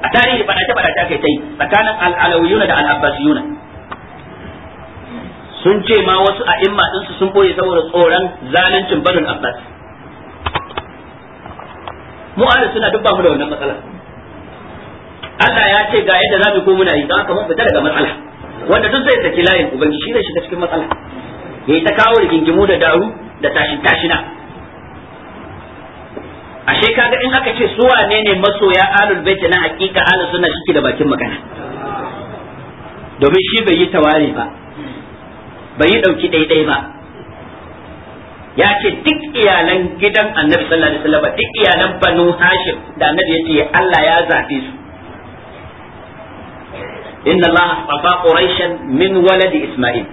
a tarihi badace ta kai yi tsakanin al-alawiyuna da al-abbasiyuna sun ce ma wasu a'imma din su sun boye saboda tsoron zaluncin barin abbas mu ahlus suna duk ba mu da wannan matsala Allah ya ce ga yadda zamu ko muna yi zaka mun fita daga matsala wanda duk zai saki layin ubangi shi zai shiga cikin matsala yayi ta kawo rigingimu da daru da tashin tashina ashe kaga in aka ce su wane ne masoya alul bait na hakika ahlus sunna shi da bakin magana domin shi bai yi tawari ba bai yi dauki daidai ba ya ce duk iyalan gidan annabi sallallahu alaihi wasallam duk iyalan banu hashim da annabi ya ce Allah ya zabe su inna Allah safa quraishan min waladi isma'il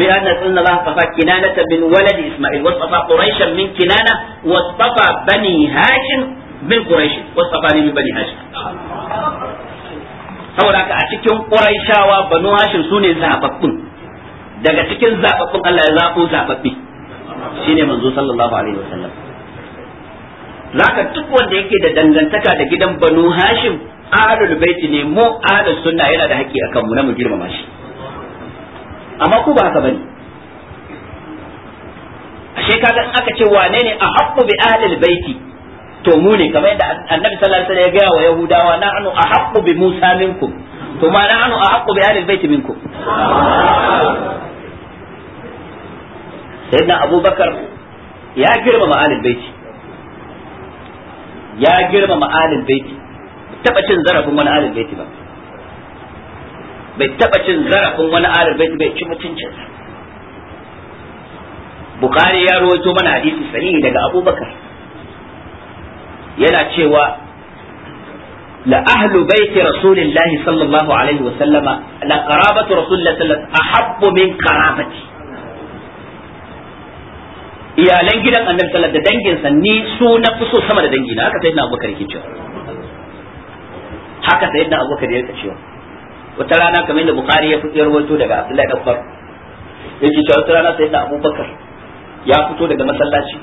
min anna inna Allah safa kinanata min waladi isma'il wa safa quraishan min kinana wa safa bani hashim min quraish wa safa min bani hashim saboda ka a cikin quraishawa banu hashim sune zababbun daga cikin zababbun Allah ya zabo zababbi shine manzo sallallahu alaihi wasallam zaka duk wanda yake da dangantaka da gidan banu hashim ahlul baiti ne mu ahlus sunna yana da haƙƙi akan mu na mu girmama shi amma ku ba haka bane ashe kaga in aka ce wane ne ahaqqu bi ahlil baiti to mu ne kamar yadda annabi sallallahu alaihi wasallam ya gaya wa yahudawa na'nu ahaqqu bi musa minkum to ma na'nu ahaqqu bi ahlil baiti minkum sayyidina abubakar ya girmama alil baiti ya girmama alil baiti taba cin zarafin wani alil baiti ba bai taba cin zarafin wani alil baiti bai ya rawaito mana hadisi sahihi daga abubakar yana cewa la ahlu baiti rasulillahi sallallahu alaihi wa sallama la qarabatu rasulillahi sallallahu alaihi wa sallam ahabbu min iyalan gidan annabi sallallahu da danginsa ni su na fi so sama da dangina haka sayyidina abubakar yake cewa haka sayyidina abubakar yake cewa wata rana kamar da bukhari ya fi rawaito daga abdullahi dan far yake cewa wata rana sayyidina abubakar ya fito daga masallaci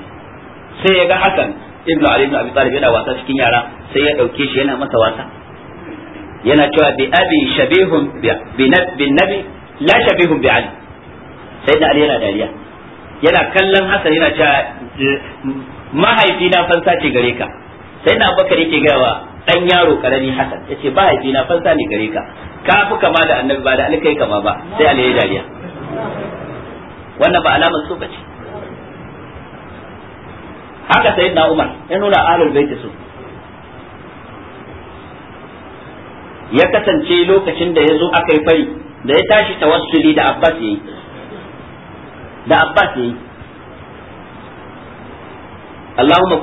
sai ya ga hakan ibnu ali ibn abi talib yana wasa cikin yara sai ya dauke shi yana masa wasa yana cewa bi abi shabihun bi nabi la shabihun bi ali sayyidina ali yana dariya yana kallon Hassan yana cewa mahaifi na fansa ce gare ka sai na bakar yake gaya wa dan yaro karami Hassan yace mahaifi na fansa ne gare ka ka fi kama da annabi ba da alkai kama ba sai alayi dariya wannan ba alamar su bace haka sai na Umar ya nuna ahlul bait su ya kasance lokacin da ya zo aka yi fari da ya tashi tawassuli da Abbas yayi da abbas yayi bi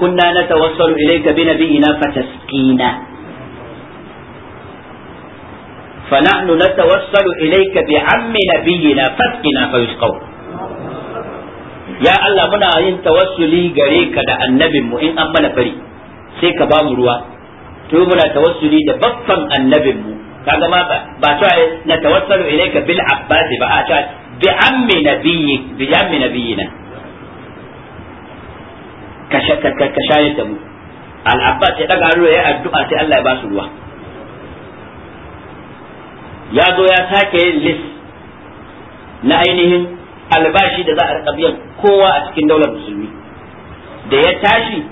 كنا نتوسل إليك بنبينا فتسقينا فنحن نتوسل إليك بعم نبينا فاسقنا فيسقون ya Allah muna yin tawassuli gare ka da annabin mu in an mana bari, sai ka ba mu ruwa to muna tawassuli da baffan annabin mu kaga ba ba ta na tawassalu ilayka bil abbas ba a ta bi ammi nabiyyi bi nabiyyina ka ka mu al-abbas ya daga ruwa ya addu'a sai Allah ya ba su ruwa ya zo ya sake yin list na ainihin albashi da za a rika biyan kowa a cikin daular musulmi da ya tashi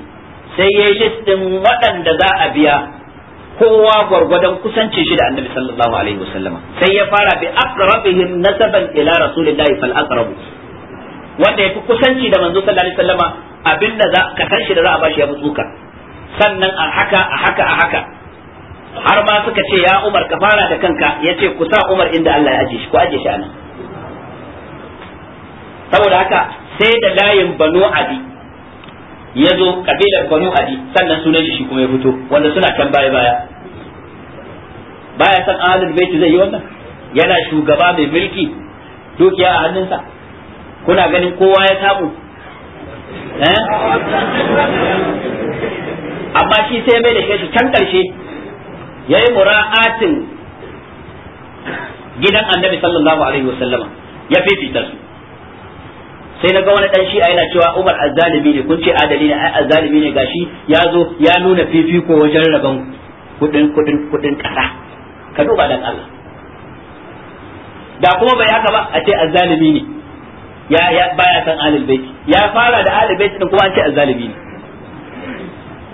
sai ya yi listin waɗanda za a biya kowa gwargwadon kusancin shi da annabi sallallahu alaihi wasallama sai ya fara bi aqrabihim nasaban ila rasulillahi fal aqrab wanda yafi kusanci da manzo sallallahu alaihi wasallama da za ka san shi da za a bashi ya mutsuka sannan a haka a haka a haka har ma suka ce ya Umar ka fara da kanka yace ku sa Umar inda Allah ya aje shi ku aje shi anan saboda haka sai da layin Banu Adi ya zo kabilar banu adi sannan sunan shi kuma ya fito wanda suna can baya baya baya san ahlul bait zai yi wannan yana shugaba mai mulki dukiya a hannunsa kuna ganin kowa ya samu eh? amma shi sai mai da shi can karshe yayi mura'atin gidan annabi sallallahu alaihi wasallama ya fifita su sai na ga wani dan shi'a yana cewa Umar azzalimi ne kun ce adali ne ai azzalimi ne gashi ya zo ya nuna fifiko wajen rabon kudin kudin kudin kasa ka duba dan Allah da kuma bai haka ba a ce azzalimi ne ya ya baya san alil bait ya fara da alil bait din kuma an ce azzalimi ne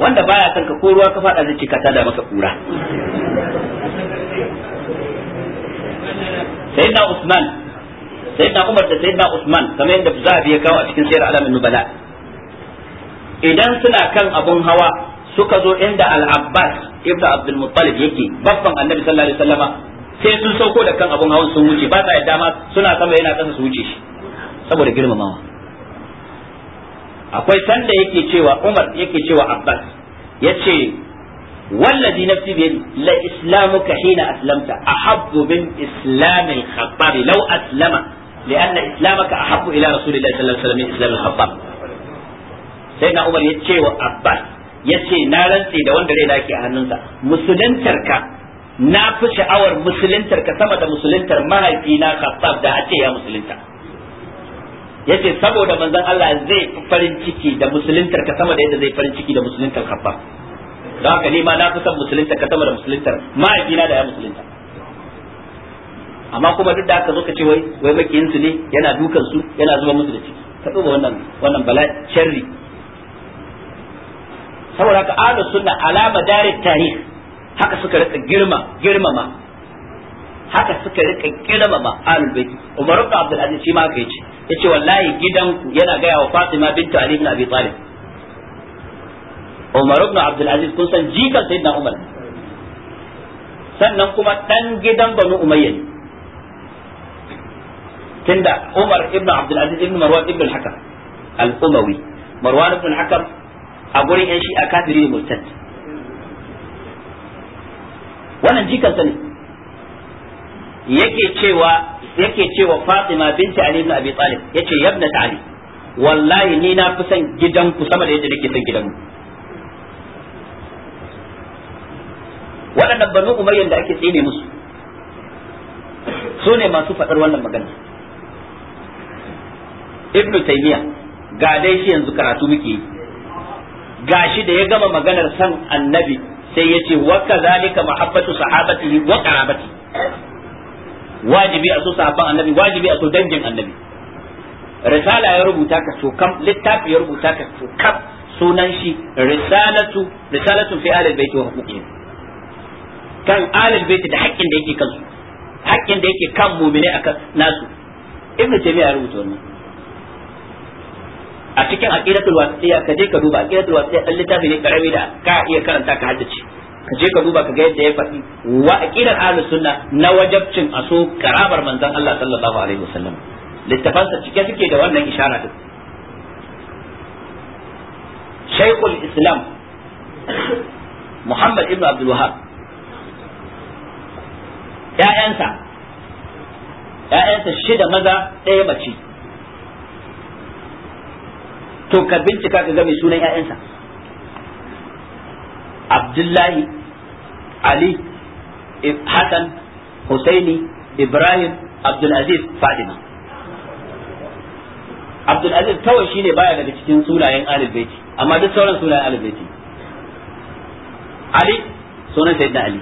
wanda baya san ka ko ruwa ka fada zai ka da maka kura sayyidina usman sayyidina umar da sayyidina usman kamar yadda zabi ya kawo a cikin sayar alamin nubala idan suna kan abun hawa suka zo inda al-Abbas ibn Abdul Muttalib yake babban Annabi sallallahu alaihi wasallama sai sun sauko da kan abun hawan sun wuce ba sa yadda ma suna sama yana kasa su wuce shi saboda girmamawa akwai sanda yake cewa Umar yake cewa Abbas yace wallazi nafsi biyadi la islamuka hina aslamta ahabbu min islam al-khattab law aslama لأن إسلامك أحب إلى رسول الله صلى الله عليه وسلم من إسلام الخطاب سيدنا عمر يتشي وأبان yace na rantse da wanda rai nake a hannunsa musuluntar ka na fi sha'awar musuluntar ka sama da musuluntar mahaifina Khattab da ace ya musulunta yace saboda manzon Allah zai farin ciki da musuluntar ka sama da yadda zai farin ciki da musuluntar Khattab don haka ni ma na fi son musuluntar ka sama da musuluntar mahaifina da ya musulunta amma kuma duk da haka zo ce wai wai makiyin su ne yana dukan su yana zuba musu da ciki ka duba wannan wannan bala'i sharri saboda haka ahlus sunna alama darin tarih haka suka rika girma girmama haka suka rika girmama ahlul bait Umar ibn Abdul Aziz shi ma haka yace yace wallahi gidanku yana gaya wa Fatima bintu Ali ibn Abi Talib Umar ibn Abdul Aziz kun san jikan sayyidina Umar sannan kuma dan gidan Banu Umayya tunda Umar ibn Abdul Aziz ibn Marwan ibn al-Hakam al-Umawi Marwan ibn al-Hakam a gurin yan shi'a kafiri ne murtad wannan jikansa ne yake cewa yake cewa Fatima binti Ali ibn Abi Talib yace yabna Ali wallahi ni na fi son gidanku sama da yadda nake son gidanmu waɗannan banu umayyan da ake tsine musu su ne masu faɗar wannan magana ibnu taymiya ga dai shi yanzu karatu muke yi gashi da ya gama maganar san annabi sai ya ce wa kazalika mahabbatu sahabatihi wa qarabati wajibi a so sahabban annabi wajibi a so dangin annabi risala ya rubuta ka so kam littafi ya rubuta ka so kam sunan shi risalatu risalatu fi alil baiti wa huquqihim kan alil baiti da haƙƙin da yake kansu haƙƙin da yake kan mu'mini akan nasu ibnu taymiya ya rubuta wannan a cikin aqidatul wasiya ka je ka duba aqidatul wasiya dan littafi ne karami da ka iya karanta ka haddace ka je ka duba ka ga yadda ya faɗi wa aqidar ahlus sunna na wajabcin aso karabar manzon Allah sallallahu alaihi wasallam sa cike suke da wannan ishara din Shaykhul Islam Muhammad ibn Abdul Wahhab ya'yansa ƴaƴansa shida maza ɗaya mace to ka bincika ka ga mai sunan ƴaƴansa Abdullahi Ali Hassan Husaini Ibrahim Abdulaziz Fadima Abdulaziz kawai shine baya daga cikin sunayen Ahlul Baiti amma duk sauran sunayen Ahlul Baiti Ali sunan Sayyidina Ali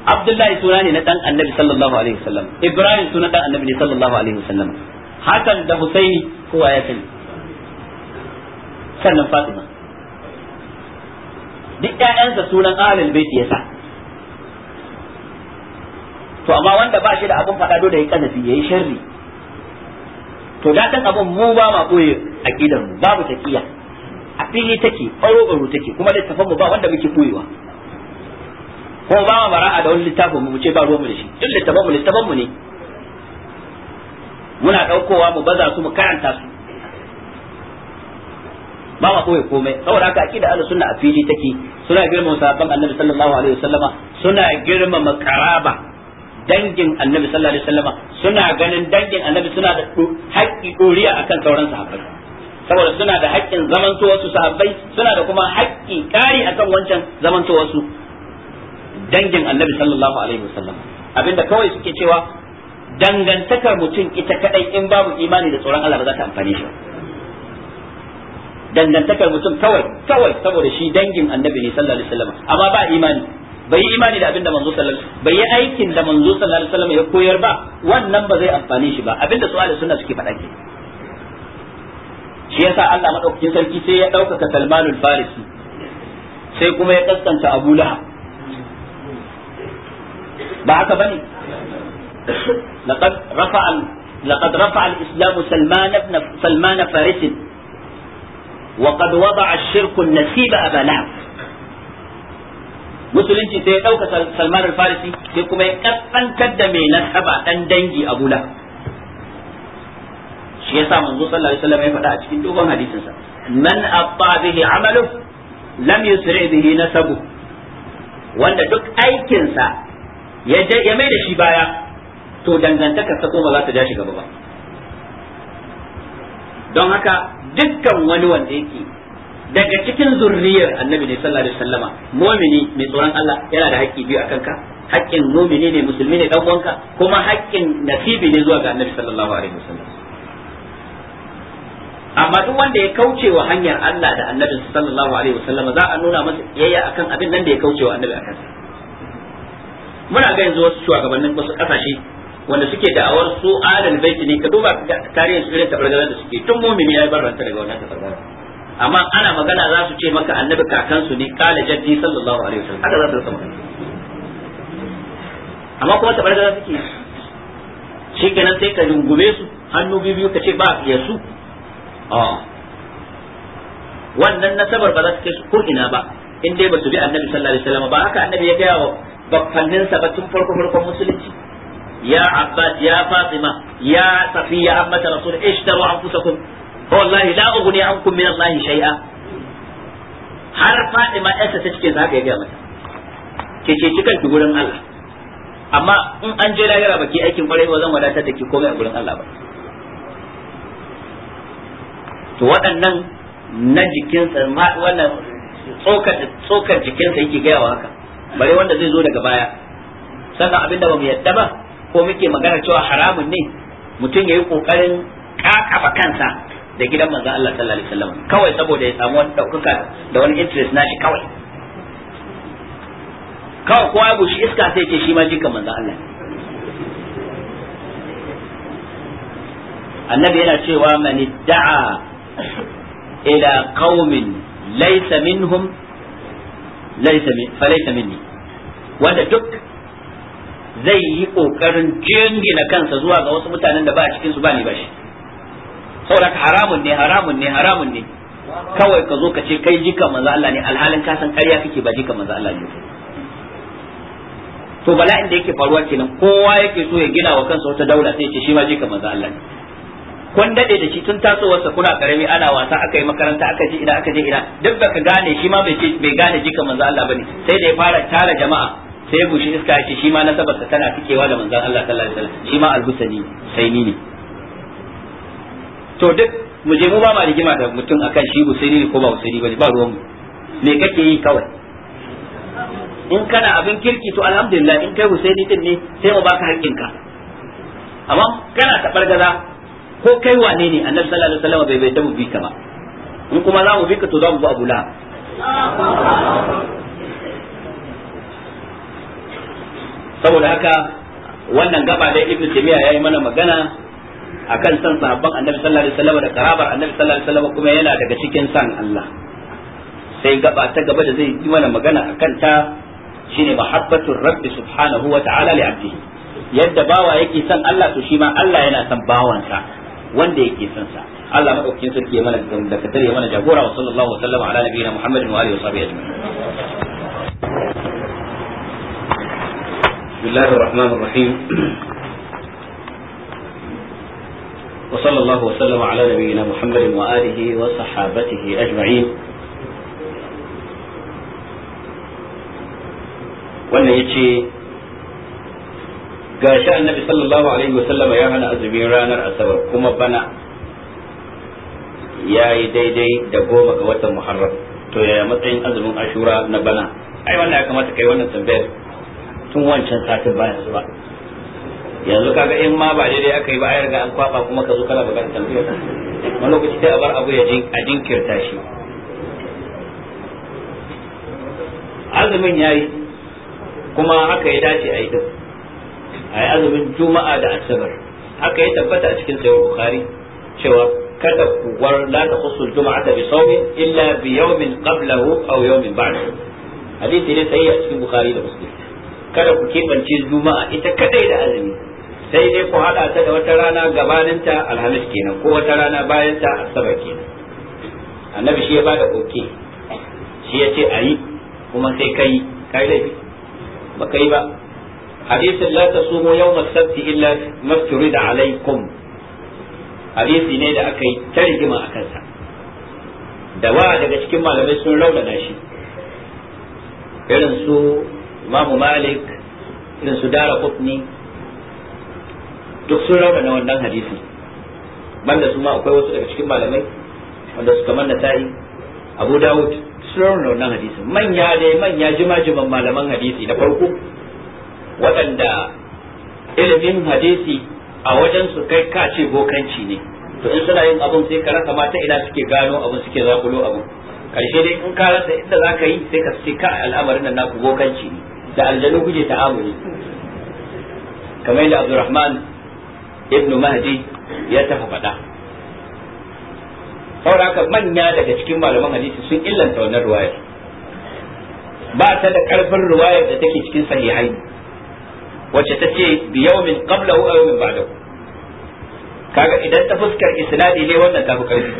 Abdullahi suna ne na dan Annabi sallallahu alaihi wasallam Ibrahim suna dan Annabi ne sallallahu alaihi wasallam Hassan da Husaini kowa ya sani sannan fatima duk ƴaƴansa sunan ahlul baiti yasa to amma wanda ba shi da abun faɗa dole ya kanafi yayi sharri to da kan abun mu ba ma koyi aqidar mu babu taqiya a fili take ɓaro ɓaro take kuma littafin mu ba wanda muke koyewa ko ba ma bara'a da wani littafin mu ce ba ruwan mu da shi duk littafin mu littafin mu ne muna daukowa mu baza su mu karanta su ba ma koyi komai saboda haka aqida ahlus sunna a fili take suna girmama sahabban annabi sallallahu alaihi wasallama suna girmama karaba dangin annabi sallallahu alaihi wasallama suna ganin dangin annabi suna da haƙƙi doriya akan sauran sahabbai saboda suna da haƙƙin zamantowar su sahabbai suna da kuma haƙƙi kari akan wancan zamantowar su dangin annabi sallallahu alaihi wasallama abinda kawai suke cewa dangantakar mutum ita kadai in babu imani da tsoron Allah ba za ta amfane shi dangantakar mutum kawai kawai saboda shi dangin annabi ne sallallahu alaihi wasallam amma ba imani bai yi imani da abin da manzo sallallahu alaihi bai yi aikin da manzo sallallahu alaihi wasallam ya koyar ba wannan ba zai amfane shi ba abinda su ahli sunna suke faɗa ke shi yasa Allah madaukakin sarki sai ya ɗaukaka Salmanul Farisi sai kuma ya kaskanta Abu Lahab ba haka bane laqad rafa'a laqad rafa'a al-islamu Salman ibn Salman Farisi wa qad wada'a ash-shirku musulunci sai ya ɗauka Salman al-Farisi sai kuma ya ƙasantar da mai nasaba dan dangi a Bula. shi sa manzo sallallahu alaihi wasallam ya faɗa a cikin dogon hadisin sa man atta bihi amalu lam yusri bihi nasabu wanda duk aikin sa ya ya mai da shi baya to dangantaka ta kuma za ta ja shi gaba ba don haka dukkan wani wanda yake daga cikin zurriyar annabi ne sallallahu alaihi wasallama mu'mini mai tsoron Allah yana da haƙƙi biyu akan ka haƙƙin mu'mini ne musulmi ne dan uwanka kuma haƙƙin nasibi ne zuwa ga annabi sallallahu alaihi wasallam amma duk wanda ya kauce wa hanyar Allah da annabi sallallahu alaihi wasallam za a nuna masa yayya akan abin nan da ya kauce wa annabi akan muna ga yanzu wasu shugabannin wasu kasashe wanda suke da'awar su alal baiti ne ka duba tarihin su irin tabargazar da suke tun mu'mini yayi ranta daga wannan tabargazar amma ana magana za su ce maka annabi kakansu ne kala jaddi sallallahu alaihi wasallam haka za su rika magana amma kuma tabargazar suke shi kenan sai ka dungume su hannu biyu ka ce ba ya su ah. wannan nasabar ba za su kai su ko ina ba in dai ba su bi annabi sallallahu alaihi wasallam ba haka annabi ya gaya wa bakkanninsa ba tun farko farkon musulunci ya abbas ya fatima ya safiya ammata rasul ishtaru anfusakum wallahi la ughni ankum min allahi shay'a har fatima yarsa ta cikin haka ya ga mata ke ce cikin ki gurin Allah amma in an je lahira baki aikin kwarai ba zan wadatar da ki komai a gurin Allah ba to waɗannan na jikinsa wannan tsokar jikinsa yake gaya wa haka bare wanda zai zo daga baya sannan da ba mu yadda ba ko muke magana cewa haramun ne mutum ya yi kokarin kakafa kansa da gidan manzon Allah sallallahu alaihi wasallam kawai saboda ya samu wani daukaka da wani interest nashi kawai kawai kowa ya bushi iska sai ce shi ma jika manzon Allah annabi yana cewa man da'a ila qaumin laysa minhum laysa min fa laysa minni wanda duk zai yi kokarin jingina kansa zuwa ga wasu mutanen da ba a cikin su ba ne ba shi saboda haramun ne haramun ne haramun ne kawai ka zo ka ce kai jika manzo Allah ne alhalin ka san ƙarya kake ba jika manzo Allah ne to bala'in da yake faruwa kenan kowa yake so ya gina wa kansa wata daula sai ya ce shi ma jika manzo Allah ne kun dade da shi tun tasowarsa kuna karami ana wasa aka yi makaranta aka je ina aka je ina duk baka gane shi ma bai gane jika manzo Allah bane sai da ya fara tara jama'a sai gushi iska ake shi ma nasabarsa tana fikewa da manzon Allah sallallahu alaihi wasallam shi ma albusani sai ni ne to duk mu je mu ba ma rigima da mutum akan shi husaini ne ko ba husaini ba ba ruwan mu me kake yi kawai in kana abin kirki to alhamdulillah in kai husaini din ne sai mu baka haƙƙinka amma kana gaza ko kai wane ne annabi sallallahu alaihi wasallam bai bai da mu bi ka ba in kuma za mu bi ka to za mu bi Abu saboda haka wannan gaba da ibnu taymiya yayi mana magana akan san sahabban annabi sallallahu alaihi wasallam da karabar annabi sallallahu alaihi wasallam kuma yana daga cikin san Allah sai gaba ta gaba da zai yi mana magana akan ta shine mahabbatur rabbi subhanahu wa ta'ala li abdihi yadda bawa yake san Allah to shi ma Allah yana san bawansa wanda yake san sa Allah madaukakin sarki ya mana da katar ya mana jagora wa sallallahu alaihi wa sallam ala nabiyina Muhammadin wa alihi wa sahbihi ajma'in بسم الله الرحمن الرحيم وصلى الله وسلم على نبينا محمد وآله وصحابته أجمعين ya ce gashi annabi sallallahu ya hana azumin ranar asabar kuma bana ya yi daidai da goma ga watan muharram to matsayin azumin ashura na bana ai ya kamata kai wannan tambayar tun wancan satin bayan su ba yanzu kaga in ma ba daidai aka yi ba a riga an kwaba kuma ka zo kana magana tambayar wani lokaci sai a bar abu ya a jinkirta shi azumin ya yi kuma haka ya dace a yi duk. a yi azumin juma'a da asabar haka ya tabbata a cikin sayar bukhari cewa kada ku war la ta khusul juma'ata bi sawmin illa bi yawmin qablahu aw yawmin ba'dahu hadisi ne sai a cikin bukhari da muslim kada ku keɓance juma'a ita kadai da azumi sai dai ku haɗa ta da wata rana gabaninta alhamis kenan ko wata rana bayanta asabar kenan annabi shi ya bada oke shi ya ce a yi kuma sai kai kai laifi ba kai ba hadisin la tasumu yawma sabti illa da alaikum hadisi ne da aka yi ta rigima a kansa da wa daga cikin malamai sun raunana shi irin su imamu malik irin su dara kufni duk sun rauna na wannan hadisi banda su ma akwai wasu daga cikin malamai wanda suka manna sa'i abu dawud sun rauna wannan hadisi. manya ne manya jima-jiman malaman hadisi na farko waɗanda ilimin hadisi a wajen su kai kace bokanci ne to in suna yin abun sai ka rasa mata ina suke gano abun suke zakulo abun karshe dai in ka rasa inda za ka yi sai ka ce ka al'amarin nan naku bokanci ne da aljanu kuke ta'amuli kamar yadda Abdurrahman ibn Mahdi ya tafa faɗa saboda haka manya daga cikin malaman hadisi sun illanta wannan ruwayar ba ta da karfin ruwayar da take cikin sahihai wacce ta ce bi yawmin qablahu aw yawmin ba'dahu kaga idan ta fuskar isnadi ne wannan ta fi karfi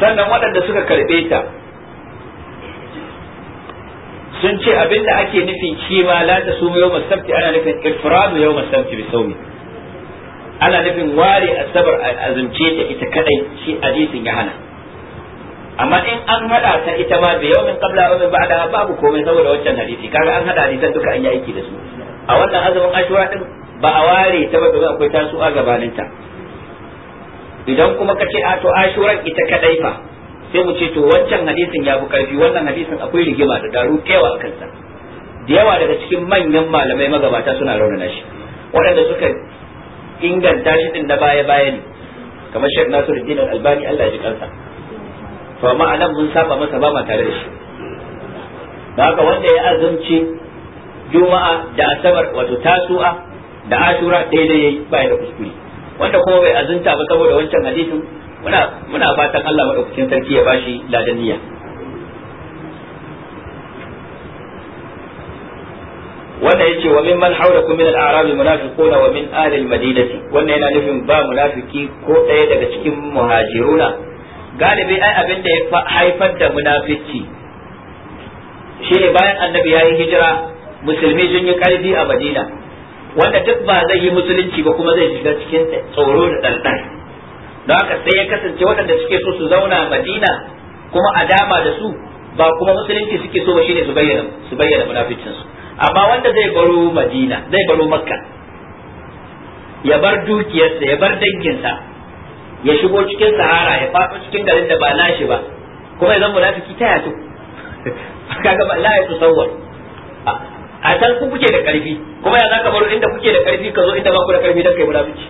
sannan waɗanda suka karbe ta sun ce abin da ake shi ma la ta sumu yau masabti ana nufin ifradu yau masabti bi saumi ana nufin ware asabar azumce ta ita kadai shi hadisin ya hana amma in an hada ta ita ma bi min qabla wa min ba'da babu komai saboda wancan hadisi kaga an hada hadisan duka an yi aiki da su a wannan azumin ashura din ba a ware ta ba domin akwai tasu a gabaninta idan kuma ka ce a to ashuran ita kadai fa sai mu ce to wancan hadisin ya fi karfi wannan hadisin akwai rigima da daru kewa a kansa da yawa daga cikin manyan malamai magabata suna raunana shi waɗanda suka inganta shi din na baya baya ne kamar Sheikh Nasiruddin dinar albani Allah ya ji kansa to amma nan mun saba masa ba ma tare da shi da haka wanda ya azumci juma'a da asabar wato tasu'a da ashura daidai yi baya da kuskure wanda kuma bai azunta ba saboda wancan hadisin muna fatan Allah madaukakin sarki ya bashi ladaniya wannan yace wa min man hawlakum min al-a'rab munafiquna wa min ahli al-madinati wannan yana nufin ba munafiki ko ɗaya daga cikin muhajiruna galibi ai abin da ya haifar da munafici shine bayan annabi yayi hijira musulmi sun yi karfi a Madina wanda duk ba zai yi musulunci ba kuma zai shiga cikin tsoro da ɗanɗan don haka sai ya kasance waɗanda suke so su zauna madina kuma a dama da su ba kuma musulunci suke so ba shine su bayyana su bayyana munafincin amma wanda zai baro madina zai baro makka ya bar dukiyarsa ya bar danginsa ya shigo cikin sahara ya faɗo cikin garin da ba nashi ba kuma idan munafiki ta yato kaga ba la ya (laughs) tusawwar a can ku kuke da karfi kuma ya zaka baro inda kuke da karfi ka zo inda ba ku da karfi dan kai munafiki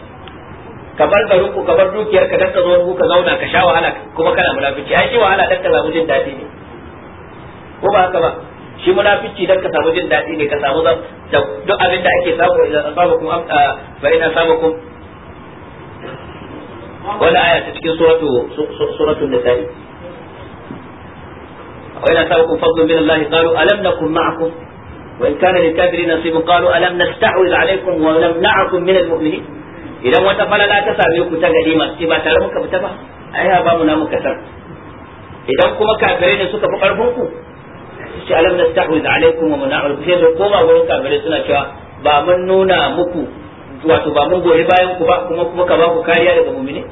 ka bar garin ku ka bar dukiyar ka dan zo ku ka zauna ka sha wahala kuma kana munafici ai shi wahala dan ka samu jin dadi ne ko ba haka ba shi munafici dan ka samu jin dadi ne ka samu da duk abin da ake samu idan asabakum fa ina asabakum wala aya ta cikin suratu suratul nisa'i wa ina asabakum fadlun min Allah qalu alam nakum ma'akum وإن كان للكافرين نصيب قالوا ألم نستحوذ عليكم ونمنعكم من المؤمنين idan wata falala ta same ku ta gari masu ce ba tare muka fita ba ai ha ba mu na muka idan kuma kafirai ne suka fi karfin ku shi alam nastahwiz alaikum wa muna'ul sai su koma gurin kafirai suna cewa ba mun nuna muku wato ba mun goyi bayan ku ba kuma kuma ka ba ku kariya daga mu'mini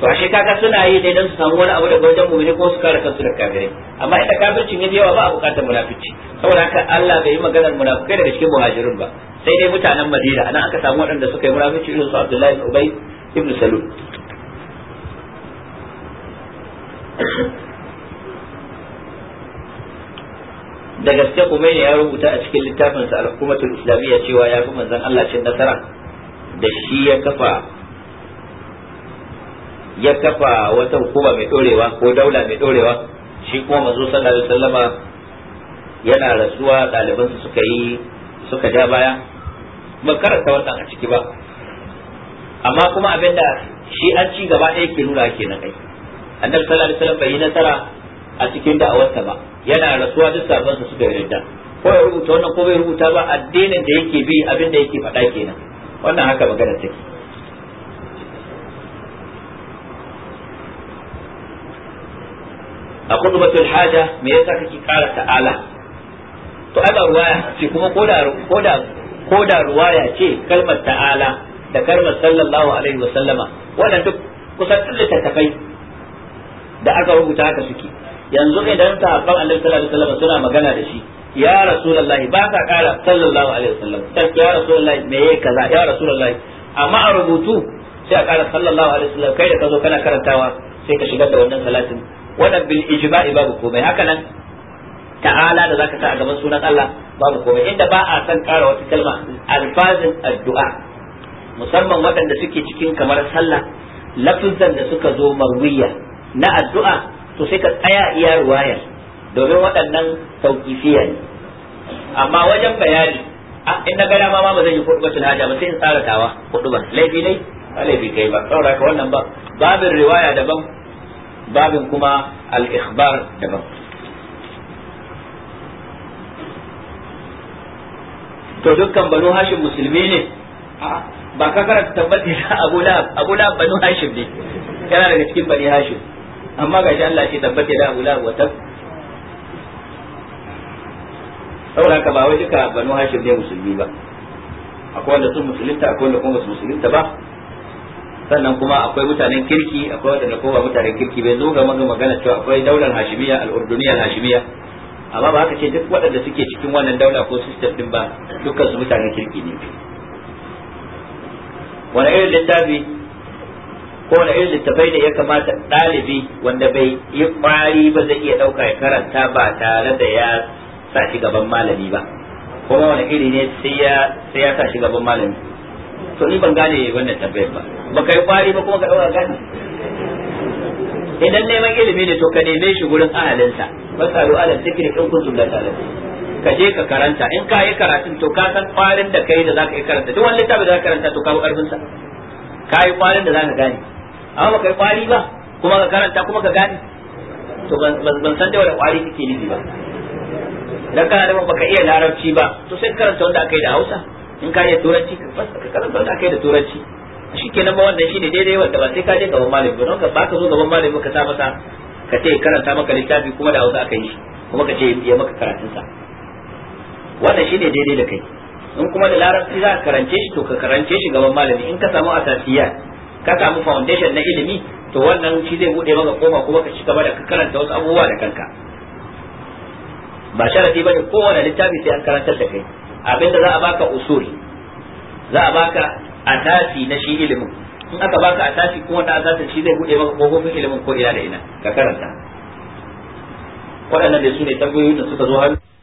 to ashe kaga suna yi dai dan su samu wani abu daga wajen mu'mini ko su kare kansu da kafirai amma inda kafircin ya yawa ba a bukatar munafici saboda haka Allah bai yi maganar munafikai daga cikin muhajirun ba sai dai mutanen Madina anan aka samu waɗanda suka yi munafici irin su Abdullahi ibn Ubay ibn Salul da gaske kuma ya rubuta a cikin littafinsa al-hukumatul islamiyya cewa ya fi manzon Allah cin nasara da shi ya kafa ya kafa wata hukuma mai dorewa ko daula mai dorewa shi kuma manzo sallallahu alaihi wasallama yana rasuwa su suka yi suka ja baya ba karanta wannan a ciki ba amma kuma abinda shi an ci gaba ɗaya ke nuna nan ai annabi sallallahu alaihi wasallam bai yi nasara a cikin da'awarsa ba yana rasuwa duk su suka yarda ko ya rubuta wannan ko bai rubuta ba addinin da yake bi abin da yake faɗa kenan wannan haka magana take a kutubatul haja me yasa kake kara ta'ala to ana ruwaya ce kuma koda koda koda ruwaya ce kalmar ta'ala da kalmar sallallahu alaihi wa sallama wannan duk kusan littattafai da aka rubuta haka suke yanzu idan sahabban annabi sallallahu alaihi wa sallama suna magana da shi ya rasulullahi ba ka kara sallallahu alaihi wa sallam ya rasulullahi me yake kaza ya rasulullahi amma a rubutu sai a kara sallallahu alaihi wa sallam kai da kazo kana karantawa sai ka shigar da wannan salatin wannan bil ijma'i babu komai haka nan ta'ala da zaka sa a gaban sunan Allah babu komai inda ba a san ƙara wata kalma alfazin addu'a musamman waɗanda suke cikin kamar sallah lafizan da suka zo marwiya na addu'a to sai ka tsaya iya ruwaya domin waɗannan tauƙifiya ne amma wajen bayani in na gada ma ba zan yi kuɗubatul haja ba sai in tsara tawa ba laifi ne ba laifi kai ba saboda wannan ba babin riwaya daban babin kuma al-ikhbar daban to dukkan banu hashim musulmi ne ba ka karanta tabbati abu da abu lahab banu hashim ne yana daga cikin bani hashim amma gashi Allah ce tabbati da abu lahab wata saboda ka ba wajika banu hashim ne musulmi ba akwai wanda sun musulunta akwai wanda kuma su musulunta ba sannan kuma akwai mutanen kirki akwai waɗanda kowa mutanen kirki bai zo ga magana cewa akwai daular hashimiya al'urduniya hashimiya amma ba haka ce duk waɗanda suke cikin wannan daula ko system din ba dukkan su mutanen kirki ne wani irin littafi ko wani irin littafai ne ya kamata ɗalibi wanda bai yi ƙwari ba zai iya ɗauka ya karanta ba tare da ya sa shi gaban malami ba kuma wani iri ne sai ya sa shi gaban malami to ni ban gane wannan tambayar ba ba kai kwari ba kuma ka dauka gane idan neman ilimi ne to ka neme shi gurin ahalinsa masaru ala zikri in kuntum la ta'lamun ka je ka karanta in ka yi karatun to ka san kwarin da kai da za ka yi karanta duk wani littafi da za ka karanta to ka bu karfin sa ka yi kwarin da za ka gane amma ba kai kwari ba kuma ka karanta kuma ka gane to ban san da wani kwari kike nufi ba idan kana da ka iya larabci ba to sai karanta wanda aka yi da Hausa in ka iya turanci ka karanta da kai da turanci shi kenan ba wannan shine daidai wanda ba sai ka je gaban malami ba don ka ba ka zo gaban malami ka sa masa ka ce karanta maka littafi kuma da hausa aka yi shi, kuma ka ce ya maka karatun sa wannan shine daidai da kai in kuma da larabci za ka karance shi to ka karance shi gaban malami in ka samu asasiya ka samu foundation na ilimi to wannan shi zai bude maka koma kuma ka ci gaba da karanta wasu abubuwa da kanka ba sharadi bane kowane littafi sai an karantar da kai abinda za a baka usuri za a baka asasi na shi ilimin in aka baka atafi kuma za ta shi zai bude maka kofofin ilimin ko ina da ina ka karanta waɗannan da su ne tambayoyin da suka zo har